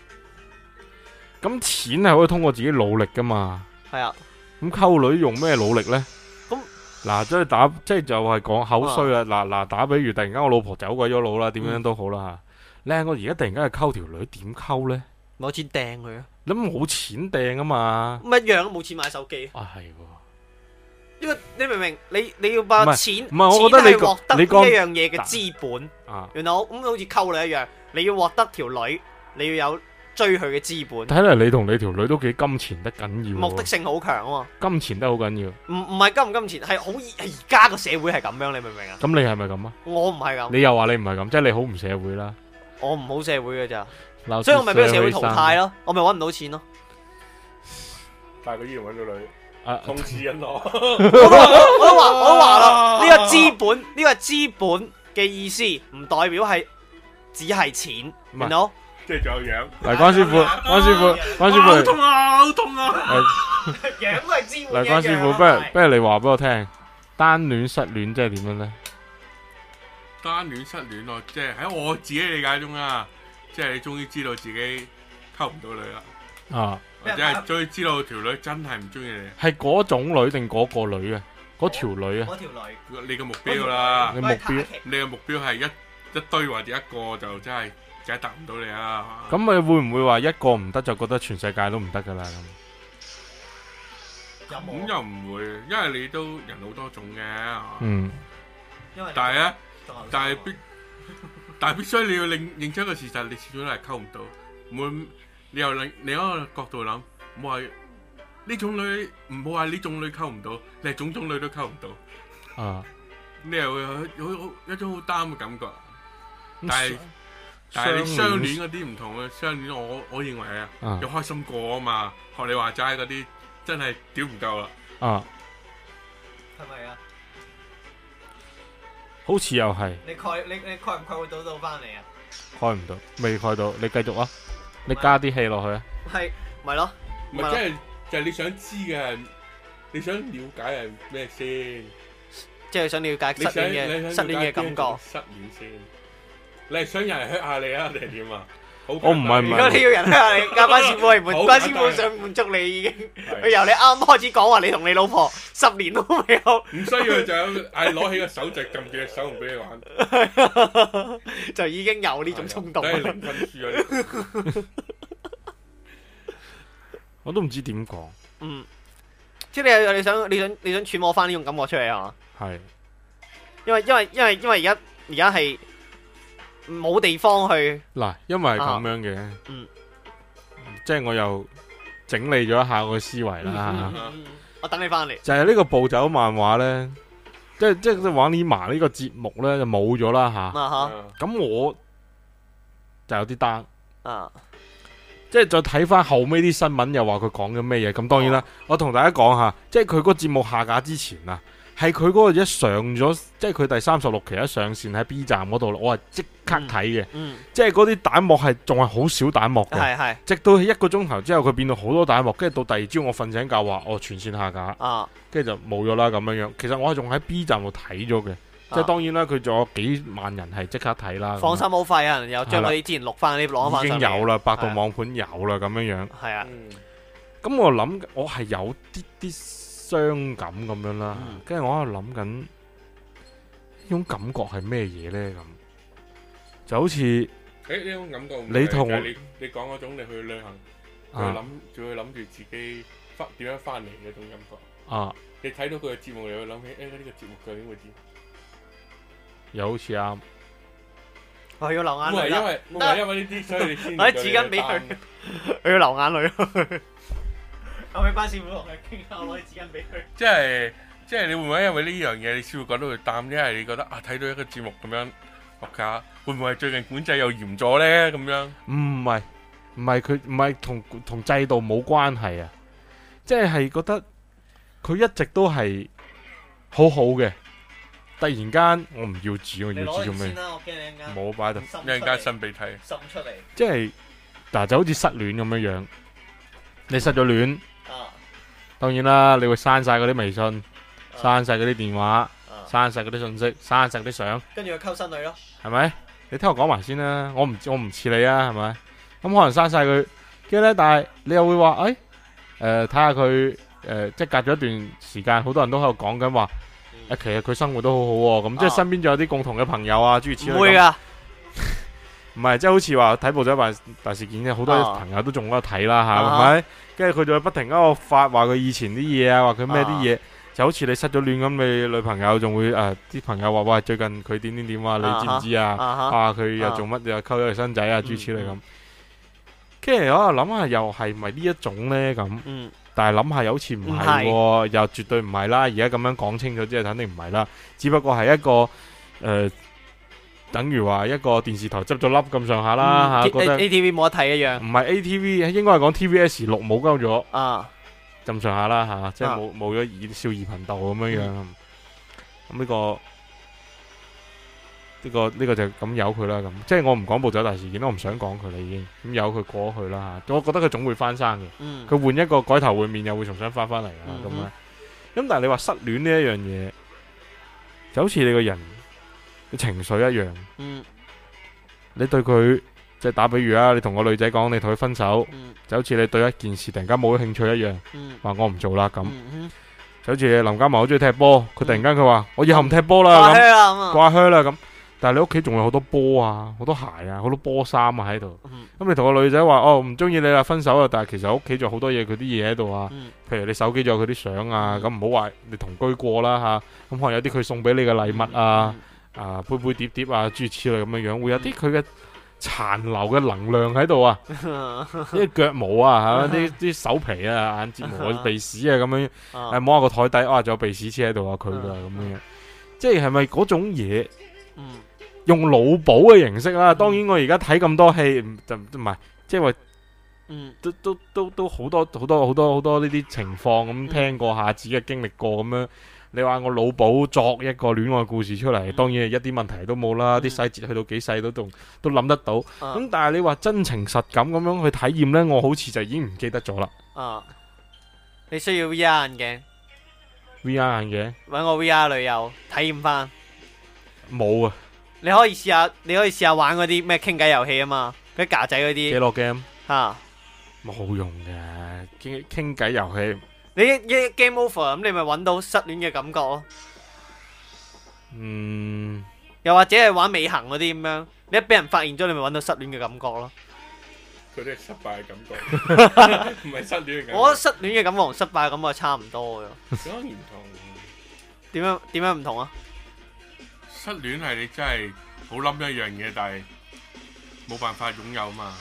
咁錢係、啊、可以通過自己努力噶嘛？係啊。咁溝女用咩努力呢？咁、嗯、嗱，即、就、係、是、打即係就係、是、講口衰啊。嗱嗱，打比喻，突然間我老婆走鬼咗佬啦，點、嗯、樣都好啦吓。我而家突然間去溝條女，點溝呢？攞錢掟佢。咁冇錢掟啊嘛？一樣啊，冇錢買手機、啊。啊，係因為你明唔明？你你要把錢錢嚟獲得呢一樣嘢嘅資本。原來我咁好似溝女一樣，你要獲得條女，你要有追佢嘅資本。睇嚟你同你條女都幾金錢得緊要。目的性好強啊！金錢得好緊要。唔唔係金唔金錢，係好而家個社會係咁樣，你明唔明啊？咁你係咪咁啊？我唔係咁。你又話你唔係咁，即係你好唔社會啦。我唔好社會嘅咋，所以我咪俾個社會淘汰咯，我咪搵唔到錢咯。但係佢依然搵到女。啊、控制緊我， [laughs] 我，我都話，我都話啦，呢、這個資本，呢、這個係資本嘅意思，唔代表係只係錢明囉 you know? 即係仲有樣，嚟 [laughs] 關師傅，關師傅，關師傅，師傅，好痛啊，好痛啊， [laughs] 哎、樣都係資嚟，關師傅，不如，不如你話俾我聽，單戀失戀即係點樣咧？單戀失戀喎即係喺我自己理解中啊，即係你終於知道自己溝唔到女啦，啊。或者係最知道條女真係唔中意你，係嗰種女定嗰個女嘅，嗰條女啊，嗰條女。你個目標啦，你目標，你個目標係一一堆或者一個就真係而家達唔到你啦，係嘛？咁你會唔會話一個唔得就覺得全世界都唔得噶啦？咁又唔會，因為你都人好多種嘅，嗯。因為但係咧，但係必但係必須你要認認清個事實，你始終都係溝唔到，冇。你又另另一個角度諗，唔好話呢種女，唔好話呢種女溝唔到，你係種種女都溝唔到，啊，你又會有好一種好擔嘅感覺。但係但係你相戀嗰啲唔同嘅相戀，我我認為啊，又開心過啊嘛。學你話齋嗰啲真係屌唔夠啦，啊，係咪啊？好似又係。你蓋你你蓋唔蓋會到到翻嚟啊？蓋唔到，未蓋到，你繼續啊！你加啲戲落去啊？係咪咯？咪即係就係你想知嘅，你想了解係咩先？即係想了解失戀嘅失戀嘅感覺。失戀先，你係想人哋吓下你啊？定係點啊？我唔係唔係，如果你要人咧，你加班師傅係唔加班師傅想滿足你已經，由你啱啱開始講話，你同你老婆十年都未有，唔需要就攞起個手仔撳住隻手唔俾你玩，就已經有呢種衝動。睇下靈魂書啊！我都唔知點講，嗯，即係你你想你想你想揣摩翻呢種感覺出嚟啊？係，因為因為因為因為而家而家係。冇地方去嗱，因為係咁樣嘅，即、啊、係、就是、我又整理咗一下個思維啦、嗯嗯嗯嗯。我等你翻嚟就係、是、呢個暴走漫畫咧，即係即係玩你麻呢麻呢個節目咧就冇咗啦吓。咁、啊啊、我就有啲單啊，即、就、係、是、再睇翻後尾啲新聞又話佢講緊咩嘢。咁當然啦、啊，我同大家講下，即係佢個節目下架之前啊。係佢嗰個一上咗，即係佢第三十六期一上線喺 B 站嗰度，我係即刻睇嘅、嗯嗯，即係嗰啲彈幕係仲係好少彈幕嘅，係、嗯、係、嗯，直到一個鐘頭之後，佢變到好多彈幕，跟住到第二朝我瞓醒覺話，哦全線下架，跟、啊、住就冇咗啦咁樣樣。其實我係仲喺 B 站度睇咗嘅，即係當然啦，佢仲有幾萬人係即刻睇啦、啊。放心好快有人又將佢之前錄翻啲網已經有啦，百度網盤有啦咁樣樣。係啊，咁、嗯、我諗我係有啲啲。傷感咁樣啦，跟住我喺度諗緊呢種感覺係咩嘢咧？咁就好似誒呢種感覺，你同我你講嗰種你去旅行，仲要諗，仲要諗住自己翻點樣翻嚟嗰種感覺啊！你睇到佢嘅節目你會諗起誒呢個節目究竟會點？又好似啊，我要流眼淚。唔係因為唔係因為呢啲，所以你我啲紙巾俾佢，我要流眼淚。我喺巴士會同佢傾下，我攞紙巾俾佢。即係即係，你會唔會因為呢樣嘢，你先會覺得佢淡？因為你覺得啊，睇到一個節目咁樣落價，會唔會係最近管制又嚴咗咧？咁樣唔係唔係佢唔係同同制度冇關係啊！即係覺得佢一直都係好好嘅，突然間我唔要紙，我要紙做咩？冇擺度，一陣間擤鼻涕，擤出嚟。即係嗱，就好似失戀咁樣樣，你失咗戀。當然啦，你會刪晒嗰啲微信，刪晒嗰啲電話，刪晒嗰啲信息，刪晒嗰啲相，跟住去溝新女咯，係咪？你聽我講埋先啦，我唔我唔似你啊，係咪？咁可能刪晒佢，跟住咧，但係你又會話，誒、哎，誒、呃，睇下佢，誒、呃，即係隔咗一段時間，好多人都喺度講緊話，誒，其實佢生活都好好、啊、喎，咁即係身邊仲有啲共同嘅朋友啊，諸、啊、如此類。唔係，即係好似話睇《暴走大事件》好多朋友都仲喺度睇啦，吓係咪？跟住佢就不停喺度發，話佢以前啲嘢啊，話佢咩啲嘢，uh -huh. 就好似你失咗戀咁，你女朋友仲會誒，啲、呃、朋友話喂，最近佢點點點啊，你知唔知 uh -huh. Uh -huh. 啊？啊，佢又做乜、uh -huh. 又溝咗佢新仔啊，諸如此類咁。跟住、uh -huh. 我諗下，又係咪呢一種呢？咁？Uh -huh. 但係諗下又好似唔係，uh -huh. 又絕對唔係啦。而家咁樣講清楚之後，肯定唔係啦。只不過係一個誒。呃等於話一個電視台執咗粒咁上下啦吓，覺得 ATV 冇得睇一樣。唔係 ATV，應該係講 TVS 六冇鳩咗啊，咁上下啦吓，即係冇冇咗少兒頻道咁樣樣。咁呢個呢個呢個就咁由佢啦，咁即係我唔講暴走大事件，我唔想講佢啦，已經咁由佢過去啦吓。我覺得佢總會翻生嘅，佢換一個改頭換面又會重新翻翻嚟噶咁樣。咁但係你話失戀呢一樣嘢，就好似你個人。情緒一樣，嗯，你對佢即係打比喻啊，你同個女仔講你同佢分手，就好似你對一件事突然間冇咗興趣一樣，嗯，話我唔做啦咁，就好似林家茂好中意踢波，佢突然間佢話我以後唔踢波啦咁，掛靴啦咁，但係你屋企仲有好多波啊，好多鞋啊，好多波衫啊喺度，咁你同個女仔話哦唔中意你啦，分手啦，但係其實屋企仲有好多嘢佢啲嘢喺度啊，譬如你手機仲有佢啲相啊，咁唔好話你同居過啦吓，咁可能有啲佢送俾你嘅禮物啊。啊，杯杯碟碟啊，諸如此類咁嘅樣，會有啲佢嘅殘留嘅能量喺度啊，啲 [laughs] 腳毛啊，吓、 [laughs] 啊，啲啲手皮啊，眼睫毛、鼻 [laughs] 屎啊，咁樣，摸下個台底，哇、啊，仲有鼻屎黐喺度啊，佢噶咁樣，即係係咪嗰種嘢？嗯，用腦補嘅形式啦、啊嗯，當然我而家睇咁多戲，就唔係，即係話，嗯，都都都都好多好多好多好多呢啲情況咁聽過下，自、嗯、己經歷過咁樣。你話我腦補作一個戀愛故事出嚟，當然係一啲問題都冇啦，啲細節去到幾細都仲都諗得到。咁但係你話真情實感咁樣去體驗呢，我好似就已經唔記得咗啦。啊，你需要 VR 眼鏡？VR 眼鏡？搵個 VR 旅遊體驗翻？冇啊！你可以試下，你可以試下玩嗰啲咩傾偈遊戲啊嘛，嗰啲架仔嗰啲。娛樂 game 吓，冇用嘅傾傾偈遊戲。你一一 game over 咁，你咪揾到失戀嘅感覺咯。嗯，又或者係玩美行嗰啲咁樣，你一俾人發現咗，你咪揾到失戀嘅感覺咯。嗰啲係失敗嘅感覺，唔係失戀嘅感覺。我覺得失戀嘅感覺同失敗嘅感覺係差唔多嘅。當然唔同？點樣點樣唔同啊？失戀係你真係好諗一樣嘢，但係冇辦法擁有啊嘛。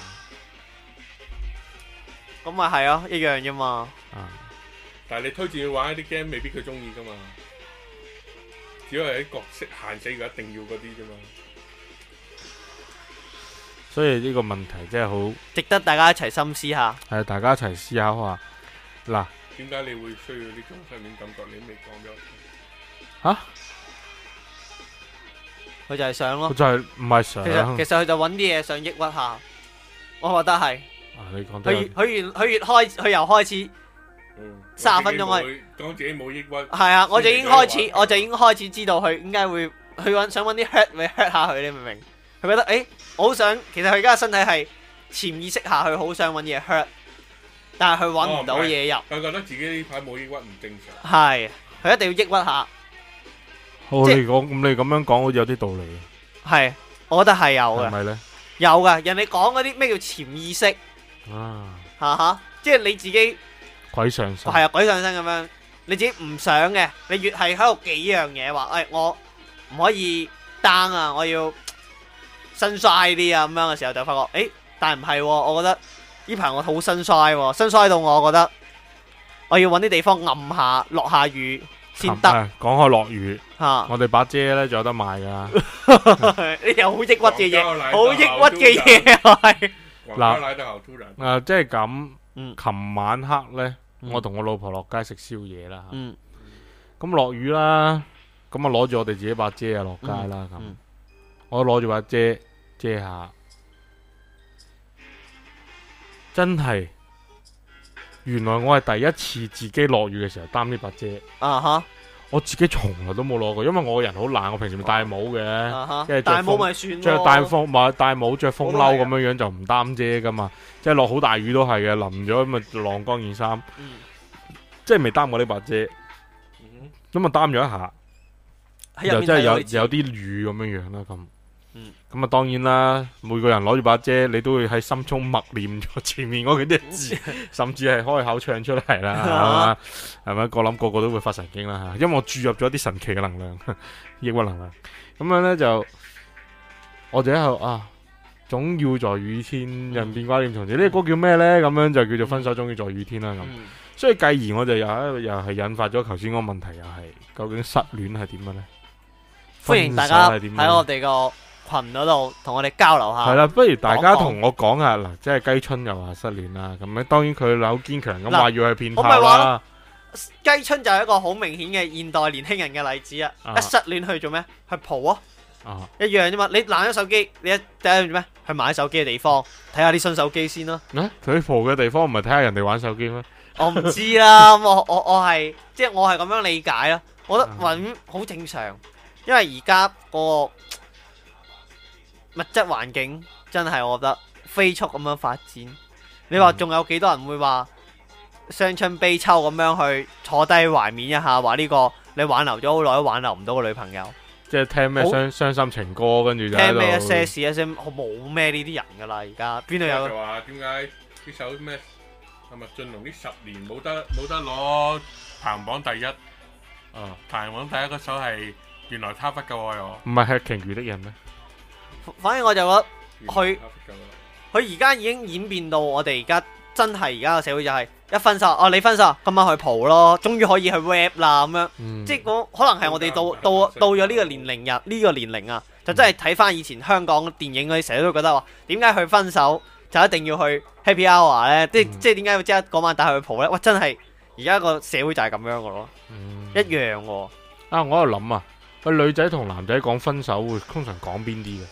咁咪係咯，一樣啫嘛。但係你推薦佢玩一啲 game，未必佢中意噶嘛？只係啲角色限死佢一定要嗰啲啫嘛。所以呢個問題真係好值得大家一齊深思下。係啊，大家一齊思考下嗱。點解你會需要呢種心理感覺？你未講咗嚇？佢就係想咯。佢就係唔係想？其實其實佢就揾啲嘢想抑鬱下。我覺得係。啊，你講得。佢越佢越佢越開佢又開始。嗯。卅分鐘佢講自己冇抑鬱係啊！我就已經開始，自己自己我就已經開始知道佢點解會想 hurt，去想搵啲 hurt 嚟 hurt 下佢，你明唔明？佢覺得誒、欸，我好想，其實佢而家身體係潛意識下，佢好想搵嘢 hurt，但係佢搵唔到嘢入。佢、哦、覺得自己呢排冇抑鬱唔正常。係佢一定要抑鬱下。好即係我咁你咁樣講好似有啲道理。係，我覺得係有嘅。係咧，有噶人哋講嗰啲咩叫潛意識啊吓吓，即係你自己。鬼上身係啊，鬼上身咁樣，你自己唔想嘅，你越係喺度幾樣嘢話，誒，我唔可以 down 啊，我要 sunshine 啲啊，咁樣嘅時候就發覺，誒，但係唔係，我覺得呢排我好 sunshine，sunshine 到我覺得，我要揾啲地方暗下，落下雨先得。講開落雨吓，我哋把遮咧仲有得賣噶。呢啲好抑鬱嘅嘢，好抑鬱嘅嘢係。廣州來得好突然。啊，即係咁。琴、嗯、晚黑呢，我同我老婆落街食宵夜啦。咁、嗯、落、啊、雨啦，咁啊攞住我哋自己、嗯、就把遮啊落街啦。咁我攞住把遮遮下，真係，原來我係第一次自己落雨嘅時候擔呢把遮。啊哈！我自己從來都冇攞過，因為我個人好懶，我平時咪戴帽嘅，即、啊、住、啊、戴帽咪算。著戴風唔戴帽，着風褸咁樣樣就唔擔遮噶嘛，即係落好大雨都係嘅，淋咗咪晾乾件衫。即係未擔過呢把遮，咁啊擔咗一下，又真係有有啲雨咁樣樣啦咁。咁啊，當然啦！每個人攞住把遮，你都會喺心中默念咗前面嗰幾隻字， [laughs] 甚至係開口唱出嚟啦，係 [laughs] 咪是吧？ [laughs] 我諗個個都會發神經啦吓，因為我注入咗啲神奇嘅能量， [laughs] 抑鬱能量。咁樣呢，就，我就喺度啊，總要在雨天，人變掛念從此。呢、嗯呢個歌叫咩呢？咁樣就叫做分手總要在雨天啦咁、嗯。所以繼而我就又又係引發咗頭先嗰個問題，又係究竟失戀係點嘅呢？歡迎大家喺我哋個～群嗰度同我哋交流下，係啦，不如大家同我講下，嗱，即係雞春又話失戀啦，咁咧當然佢好堅強咁話要去騙人，我咪話啦。雞春就係一個好明顯嘅現代年輕人嘅例子啊！一失戀去做咩？去蒲啊，啊！一樣啫嘛！你攋咗手機，你一睇做咩？去買手機嘅地方睇下啲新手機先咯，啊。佢蒲嘅地方唔係睇下人哋玩手機咩？我唔知啦， [laughs] 我我係、即係、我係即係我係咁樣理解啦。我覺得搵好正常，啊、因為而家、個。物質環境真係，我覺得飛速咁樣發展。你話仲有幾多人會話傷春悲秋咁樣去坐低懷緬一下？話呢個你挽留咗好耐都挽留唔到個女朋友。即係聽咩傷傷心情歌，跟住就聽咩一些事一些，冇咩呢啲人噶啦。而家邊度有？就話點解呢首咩係咪俊龍呢十年冇得冇得攞排行榜第一？嗯、啊，排行榜第一首係原來他不夠愛我。唔係係鯨魚的人咩？反正我就覺得佢佢而家已經演變到我哋而家真係而家嘅社會就係一分手哦、啊，你分手今晚去蒲咯，終於可以去 rap 啦咁樣，嗯、即係可能係我哋到到到咗呢個年齡日、啊，呢、呢個年齡啊、嗯，就真係睇翻以前香港電影嗰啲成日都覺得話點解去分手就一定要去 happy hour 咧？即、嗯、即係點解要即刻嗰晚帶佢去蒲咧？哇！真係而家個社會就係咁樣嘅咯、嗯，一樣喎、啊。啊，我喺度諗啊，個女仔同男仔講分手會通常講邊啲嘅？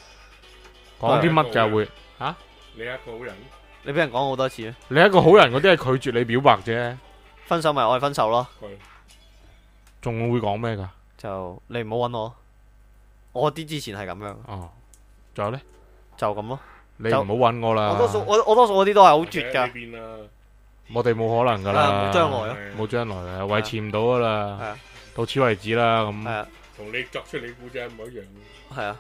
講啲乜就會吓？你一個好人，你俾人講好多次。你一個好人，嗰啲係拒絕你表白啫。分手咪愛分手咯。仲會講咩噶？就你唔好搵我。我啲之前係咁樣。哦。仲有咧？就咁咯。你唔好搵我啦。我多數我我多數嗰啲都係好絕噶。我哋冇可能噶啦。冇將來咯。冇將來啊，維持唔到噶啦。係啊。到此為止啦，咁。係啊。同你作出你故仔唔一樣。係啊。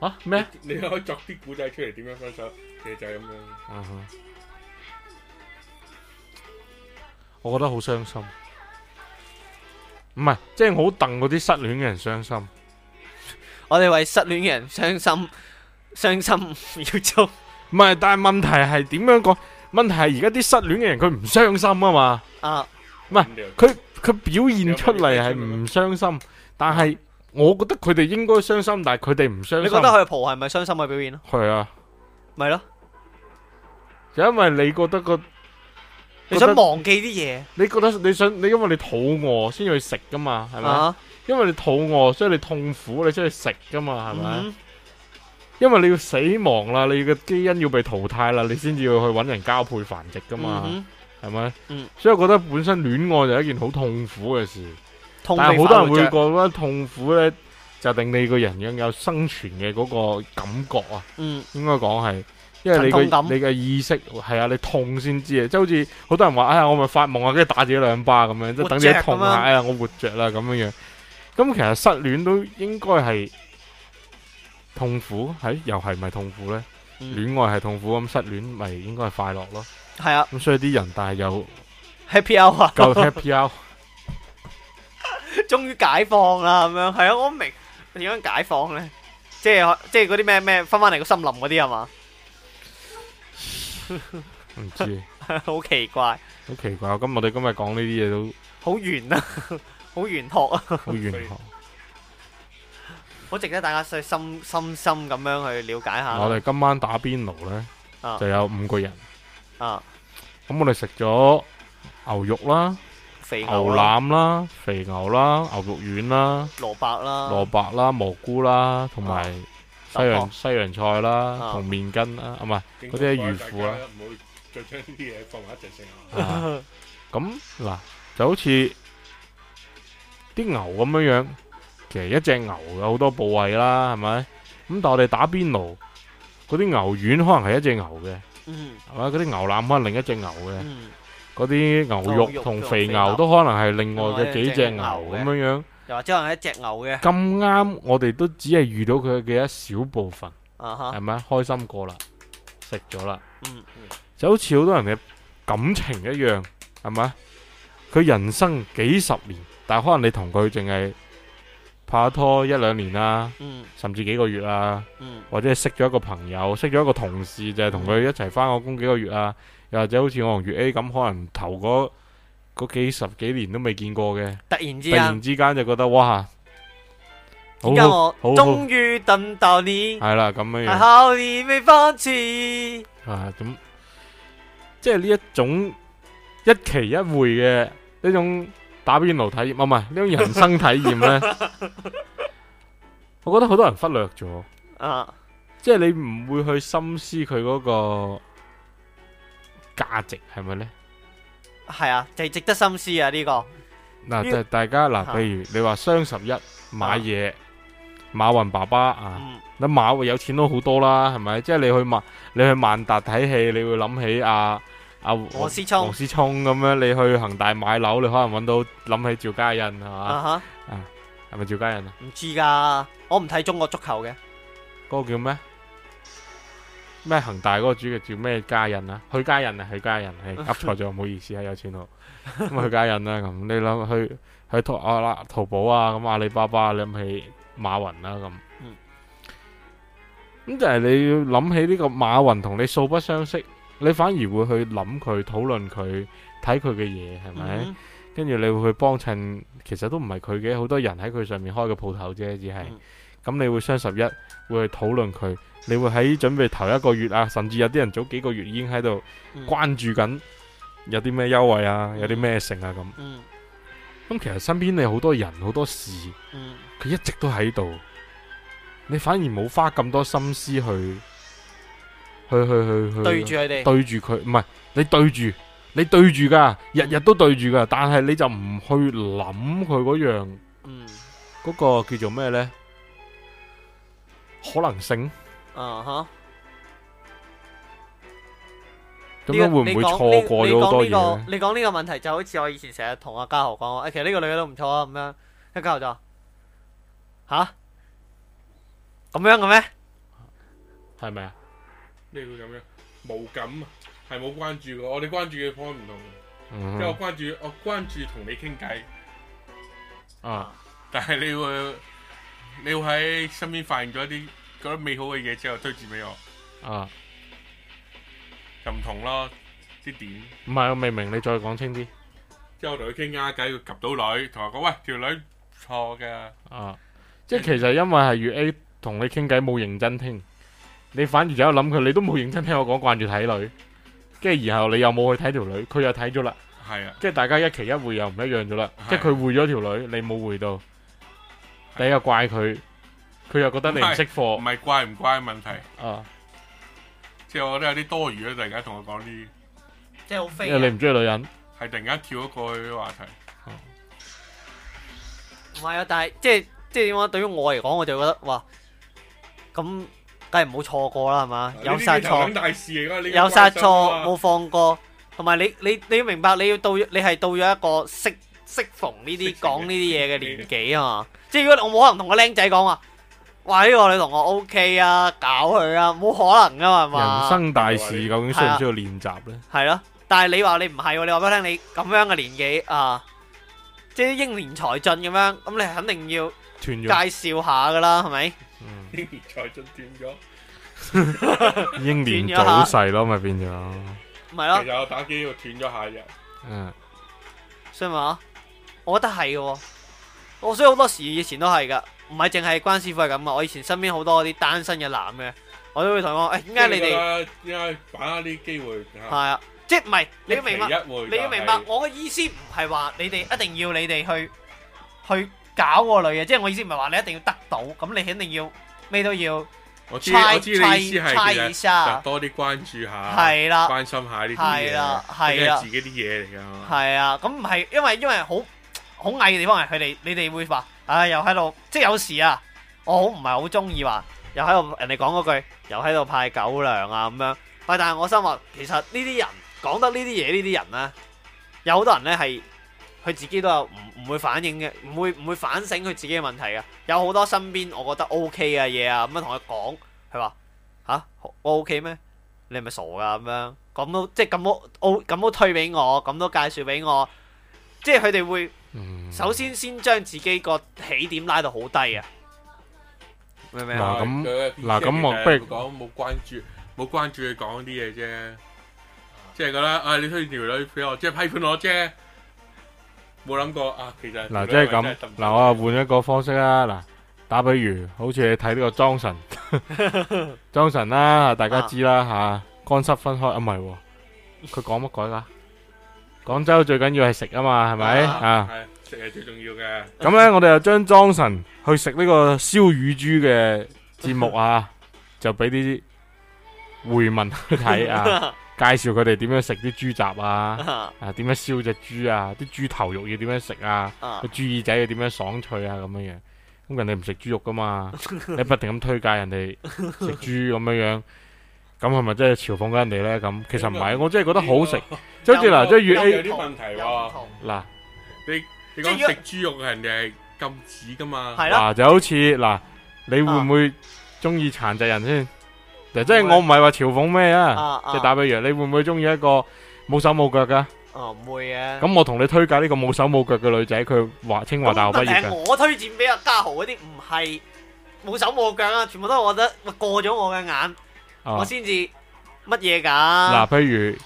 啊咩？你可以作啲古仔出嚟，點樣分手？其實就係咁樣。嗯哼。我覺得好傷心。唔係，即係好戥嗰啲失戀嘅人傷心。 [laughs] 我哋為失戀嘅人傷心，傷心要做。唔 [laughs] 係，但係問題係點樣講？問題係而家啲失戀嘅人佢唔傷心啊嘛。啊、uh。唔係，佢佢表現出嚟係唔傷心，但係。我覺得佢哋應該傷心，但係佢哋唔傷心。你覺得佢婆係咪傷心嘅表現啊？係啊，咪咯，就因為你覺得個你想忘記啲嘢。你覺得你想你因為你肚餓先去食噶嘛？係咪？Uh -huh. 因為你肚餓，所以你痛苦，你出去食噶嘛？係咪？Uh -huh. 因為你要死亡啦，你嘅基因要被淘汰啦，你先至要去揾人交配繁殖噶嘛？係咪？Uh -huh. 所以我覺得本身戀愛就係一件好痛苦嘅事。但係好多人會覺得痛苦咧，就令你個人擁有生存嘅嗰個感覺啊。嗯，應該講係，因為你嘅你嘅意識係啊，你痛先知啊。即係好似好多人話、哎、呀，我咪發夢啊，跟住打自己兩巴咁樣，即係等自己痛下，哎呀，我活着啦咁樣樣。咁其實失戀都應該係痛苦，喺、哎、又係咪痛苦咧？戀、嗯、愛係痛苦，咁失戀咪應該係快樂咯？係啊。咁所以啲人但係又 happy hour 啊，夠 happy hour [laughs] 終於解放啦，咁樣係啊，我都明點樣解放咧，即係即係嗰啲咩咩翻翻嚟個森林嗰啲係嘛？唔知，好奇怪，好奇怪，咁我哋今日講呢啲嘢都好玄啊，好玄學啊，好玄學，好值得大家去深深深咁樣去了解下。我哋今晚打邊爐咧，就有五個人，啊，咁我哋食咗牛肉啦。牛腩啦，肥牛啦，牛肉丸啦，蘿蔔啦，蘿蔔啦，蘑菇啦，同埋西洋西洋菜啦，同麵筋啦，啊唔係嗰啲魚腐啊，唔好再將啲嘢放埋一齊食啦。咁嗱，就好似啲牛咁樣樣，其實一隻牛有好多部位啦，係咪？咁但係我哋打邊爐，嗰啲牛丸可能係一隻牛嘅，係嘛？嗰啲牛腩可能另一隻牛嘅。嗰啲牛肉同肥牛都可能係另外嘅幾隻牛咁樣樣，又或者可能係一隻牛嘅。咁啱，我哋都只係遇到佢嘅一小部分，啊係咪啊？開心過啦，食咗啦，就好似好多人嘅感情一樣，係咪？佢人生幾十年，但係可能你同佢淨係拍拖一兩年啦，Uh-huh、甚至幾個月啊，或者係識咗一個朋友，識咗一個同事，就係同佢一齊返個工幾個月啊。又或者好似我同月 A 咁，可能頭嗰嗰幾十幾年都未見過嘅，突然之間突然之間就覺得哇！點解我終於等到你？係啦，咁樣，係後你未放棄。啊，咁即係呢一種一期一會嘅呢種打邊爐體驗，唔係呢種人生體驗咧。我覺得好多人忽略咗啊！即係你唔會去深思佢嗰個。價值係咪呢？係啊，就係、是、值得深思啊呢、這個。嗱、呃，就、呃、係大家嗱，譬、呃呃、如你話雙十一買嘢，馬雲、呃、爸爸啊，嗱、嗯、馬會有錢都好多啦，係咪？即係你去萬，你去萬達睇戲，你會諗起阿阿王思聰，王思聰咁樣。你去恒大買樓，你可能搵到諗起趙嘉欣，係嘛？啊哈！啊，係咪趙嘉欣啊？唔知噶，我唔睇中國足球嘅。嗰、那個叫咩？咩恆大嗰個主席叫咩家印啊？許家印啊，許家印、啊，係噏錯咗，唔好意思啊，有錢佬，咁許家印啦、啊，咁你諗去去淘阿淘寶啊，咁阿里巴巴、啊，你諗起馬雲啦、啊，咁，咁就係你要諗起呢個馬雲同你素不相識，你反而會去諗佢，討論佢，睇佢嘅嘢，係咪？跟、嗯、住你會去幫襯，其實都唔係佢嘅，好多人喺佢上面開個鋪頭啫，只係。咁你會雙十一會去討論佢，你會喺準備頭一個月啊，甚至有啲人早幾個月已經喺度關注緊有啲咩優惠啊，嗯、有啲咩性啊咁。咁、嗯、其實身邊你好多人好多事，佢、嗯、一直都喺度，你反而冇花咁多心思去去去去，去對住佢對住佢唔係你對住你對住噶，日日都對住噶、嗯，但係你就唔去諗佢嗰樣，嗰、嗯嗰個叫做咩呢？可能性，啊吓，咁樣會唔會錯過咗好多嘢咧？你講呢個問題就好似我以前成日同阿嘉豪講，誒，其實呢個女嘅都唔錯啊，咁樣，跟住嘉豪就話，吓，咁樣嘅咩？係咪啊？你會咁樣？無感啊，係冇關注嘅，我哋關注嘅方唔同，即係我關注，我關注同你傾偈，啊，但係你會。你會喺身邊發現咗一啲覺得美好嘅嘢之後，推薦俾我啊，就唔同咯，即點？唔係，我未明，你再講清啲。之後我同佢傾下偈，佢及到女，同我講喂，條女錯噶啊，即其實因為係月 A 同你傾偈冇認真聽，你反而就喺度諗佢，你都冇認真聽我講，慣住睇女，跟住然後你又冇去睇條女，佢又睇咗啦，係啊，即大家一期一會又唔一樣咗啦，即佢會咗條女，你冇回到。你又怪佢，佢又覺得你唔識貨，唔係怪唔怪嘅問題啊。即係我覺得有啲多餘啦，突然間同我講呢啲，即係好飛。因為你唔中意女人，係突然間跳咗過去啲話題。唔係啊，但係即係即係點講？對於我嚟講，我就覺得哇，咁梗係唔好錯過啦，係嘛？有殺錯，有殺錯，冇放過，同埋你你你要明白，你要到你係到咗一個識。適逢呢啲講呢啲嘢嘅年紀啊嘛，即係如果我冇可能同個僆仔講啊，話呢個你同我 OK 啊，搞佢啊，冇可能噶嘛，係嘛。人生大事究竟需唔需要練習咧？係咯，但係你話你唔係，你話俾我聽，你咁樣嘅年紀啊，即係英年才俊咁樣，咁你肯定要介紹下噶啦，係咪？英年才俊斷咗，英年早逝咯，咪變咗，咪咯。其實我打機要斷咗下嘅，嗯，所以話。我覺得係嘅，我所以好多時以前都係噶，唔係淨係關師傅係咁啊，我以前身邊好多嗰啲單身嘅男嘅，我都會同佢講：誒，點解你哋點解把握啲機會？係啊，即係唔係？你要明白，你要明白，我嘅意思唔係話你哋一定要你哋去去搞個女嘅，即係我意思唔係話你一定要得到，咁你肯定要咩都要。我知我知，呢啲係嘅。多啲關注下，係啦，關心下呢啲嘢，係啦，係啦，自己啲嘢嚟噶。係啊，咁唔係因為因為好。好矮嘅地方係佢哋，你哋會話，唉，又喺度，即係有時啊，我好唔係好中意話，又喺度，人哋講嗰句，又喺度派狗糧啊咁樣。但係我心話，其實呢啲人講得呢啲嘢，呢啲人咧，有好多人咧係，佢自己都有唔唔會反應嘅，唔會唔會反省佢自己嘅問題嘅。有好多身邊我覺得 OK 嘅嘢啊，咁樣同佢講，佢話吓，我 OK 咩？你係咪傻㗎咁樣？咁都即係咁都，咁都推俾我，咁都介紹俾我，即係佢哋會。首先先將自己個起點拉到好低啊！明唔明啊？咁嗱，咁我不如講冇關注，冇關注你講啲嘢啫，即係覺得。啊，你推條女俾我，即係批判我啫。冇諗過啊，其實嗱，即係咁。嗱，我啊換一個方式啦。嗱，打比如，好似你睇呢個莊臣，莊臣啦，大家知啦吓，乾濕分開啊，唔係，佢講乜鬼噶？廣州最緊要係食啊嘛，係咪啊？食係最重要嘅。咁咧、啊啊，我哋又將莊臣去食呢個燒乳豬嘅節目啊， [laughs] 就俾啲回民去睇啊， [laughs] 介紹佢哋點樣食啲豬雜啊，啊點樣燒隻豬啊，啲豬、啊、頭肉要點樣食啊，個 [laughs] 豬耳仔要點樣爽脆啊，咁樣樣。咁人哋唔食豬肉噶嘛，你不停咁推介人哋食豬咁樣樣。咁係咪真係嘲諷緊人哋咧？咁其實唔係，我真係覺得好食。就好似嗱，即係粵 A 有啲問題喎。嗱，你你講食豬肉嘅人哋係禁止噶嘛？係啦。嗱，就好似嗱，你會唔會中意殘疾人先？誒，即係我唔係話嘲諷咩啊？即係打比方，你會唔會中意一個冇手冇腳噶？哦，唔會嘅。咁我同你推介呢個冇手冇腳嘅女仔，佢華清華大學畢業嘅。我推薦俾阿嘉豪嗰啲唔係冇手冇腳啊，全部都係我覺得過咗我嘅眼。我先至乜嘢噶？嗱，譬如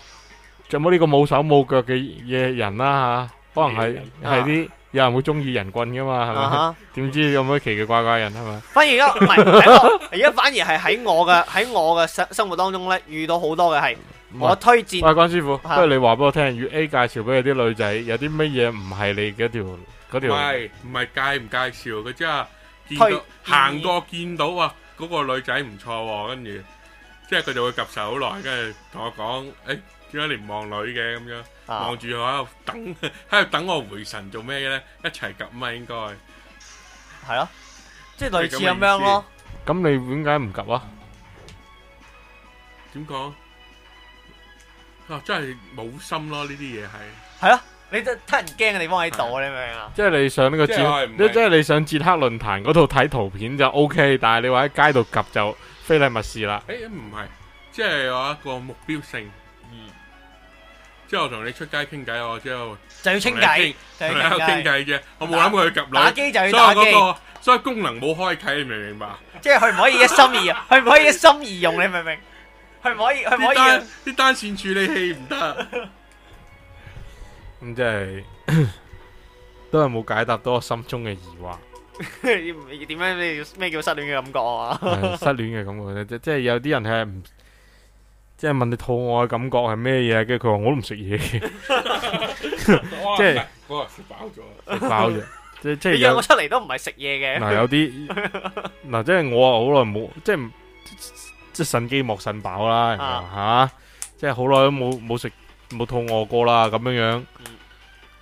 做冇呢個冇手冇腳嘅嘢人啦吓，可能係係啲有人會中意人棍噶嘛，係咪？點知有咩奇奇怪怪人係咪？反而而家唔係，而家反而係喺我嘅喺我嘅生生活當中咧，遇到好多嘅係我推薦。喂，關師傅，不如你話俾我聽，與 A 介紹俾啲女仔，有啲乜嘢唔係你嗰條嗰條？唔係唔係介唔介紹，佢即係見到行過見到啊，嗰個女仔唔錯，跟住。即係佢就會及手好耐，跟住同我講：，誒，點解你唔望女嘅咁樣？望住我喺度等，喺度等我回神做咩嘅咧？一齊及嘛應該係咯，即係類似咁樣咯。咁你點解唔及啊？點講？啊，真係冇心咯！呢啲嘢係係咯，你真係得人驚嘅地方喺度你明唔明啊？即係你上呢個捷，即係你上捷克論壇嗰度睇圖片就 OK，但係你話喺街度及就。非禮勿視啦！誒，唔係，即係有一個目標性。嗯，即係我同你出街傾偈，我之後就要傾偈，就喺度傾偈啫。我冇諗過去夾打機，就要打機。所以嗰個，所以功能冇開啟，你明唔明白？即係佢唔可以一心二，佢唔可以一心二用，你明唔明？佢唔可以，佢唔可以。啲單線處理器唔得。咁即係都係冇解答到我心中嘅疑惑。點樣咩咩叫失戀嘅感覺啊？失戀嘅感覺咧，即係有啲人係唔即係問你肚餓嘅感覺係咩嘢？跟住佢話我都唔食嘢嘅，即係我食飽咗，食飽咗，即係即係。我出嚟都唔係食嘢嘅。嗱有啲嗱，即係我好耐冇即係即係趁機莫趁飽啦吓，即係好耐都冇冇食冇肚餓過啦咁樣樣。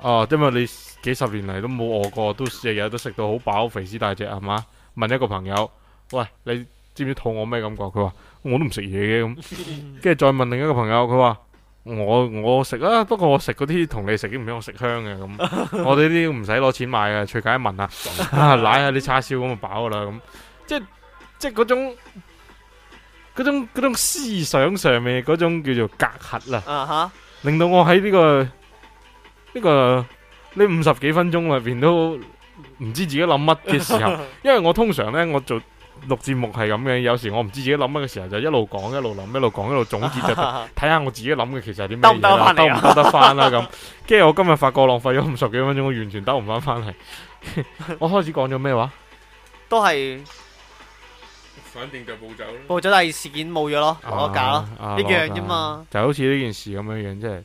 哦，即係你。幾十年嚟都冇餓過，都日日都食到好飽，肥屍大隻係嘛？問一個朋友，喂，你知唔知肚餓咩感覺？佢話我都唔食嘢嘅咁，跟住再問另一個朋友，佢話我我食啊，不過我食嗰啲同你食啲唔畀我食香嘅咁。我哋啲唔使攞錢買嘅，隨街問下，啊奶下啲、啊、叉燒咁就飽噶啦咁。即係即係嗰種種種思想上面嗰種叫做隔閡啦、啊。Uh -huh. 令到我喺呢個呢個，這個呢五十幾分鐘裏邊都唔知自己諗乜嘅時候，因為我通常呢，我做錄節目係咁樣，有時我唔知自己諗乜嘅時候就一路講一路諗一路講一路總結，就睇下我自己諗嘅其實係啲咩嘢，兜唔兜得翻啦咁。跟住、啊、 [laughs] 我今日發覺浪費咗五十幾分鐘，我完全兜唔翻翻嚟。 [laughs] 我開始講咗咩話？都係，反正就暴走咯，暴走第二事件冇咗咯，我搞一、啊、樣啫嘛、啊，就係、好似呢件事咁樣樣，即係。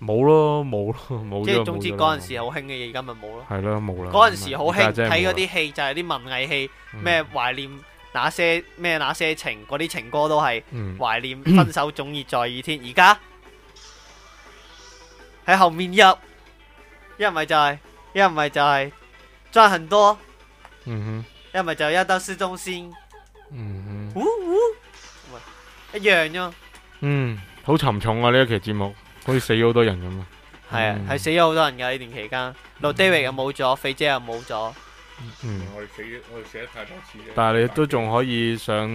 冇咯，冇咯，冇。即係總之嗰陣時好興嘅嘢，而家咪冇咯。係咯，冇啦。嗰陣時好興睇嗰啲戲，就係啲文藝戲，咩懷念那些咩那些情，嗰啲情歌都係懷念分手總要在雨天。而家喺後面入，一唔係就係，一唔係就係賺很多。嗯哼。一唔係就一到市中心。嗯哼。嗚嗚。喂，一樣啫。嗯，好沉重啊！呢一期節目。可以死咗好多人咁啊！係啊，係死咗好多人噶，呢段期間，路 David 又冇咗，肥姐又冇咗。嗯，我哋死，我哋死得太多次。但係你都仲可以上，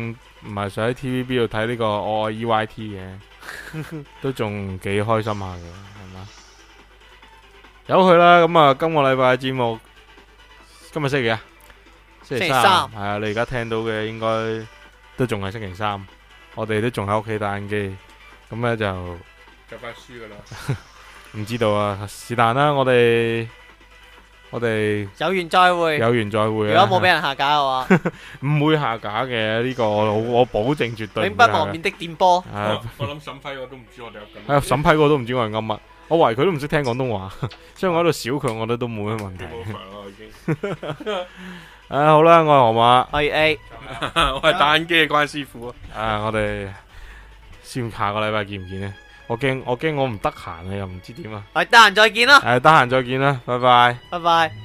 唔係上喺 TVB 度睇呢個我愛 EYT 嘅，都仲幾開心下嘅，係嘛？由佢啦。咁啊，今個禮拜嘅節目，今日星期幾啊？星期三係啊。你而家聽到嘅應該都仲係星期三，我哋都仲喺屋企打緊機，咁咧就。著翻書噶啦，唔知道啊，是但啦，我哋我哋有緣再會，有緣再會。如果冇俾人下架嘅話，唔會下架嘅，呢個我我保證絕對。永不磨滅的電波。我諗審批我都唔知我哋有。係啊，審批我都唔知我係噏乜。我懷疑佢都唔識聽廣東話，所以我喺度笑佢，我覺得都冇咩問題。啊，好啦，我係河馬，A A，我係打緊機嘅關師傅。啊，我哋先下個禮拜見唔見呢？我驚我驚我唔得閒你又唔知點啊，係得閒再見啦，係得閒再見啦，拜拜，拜拜。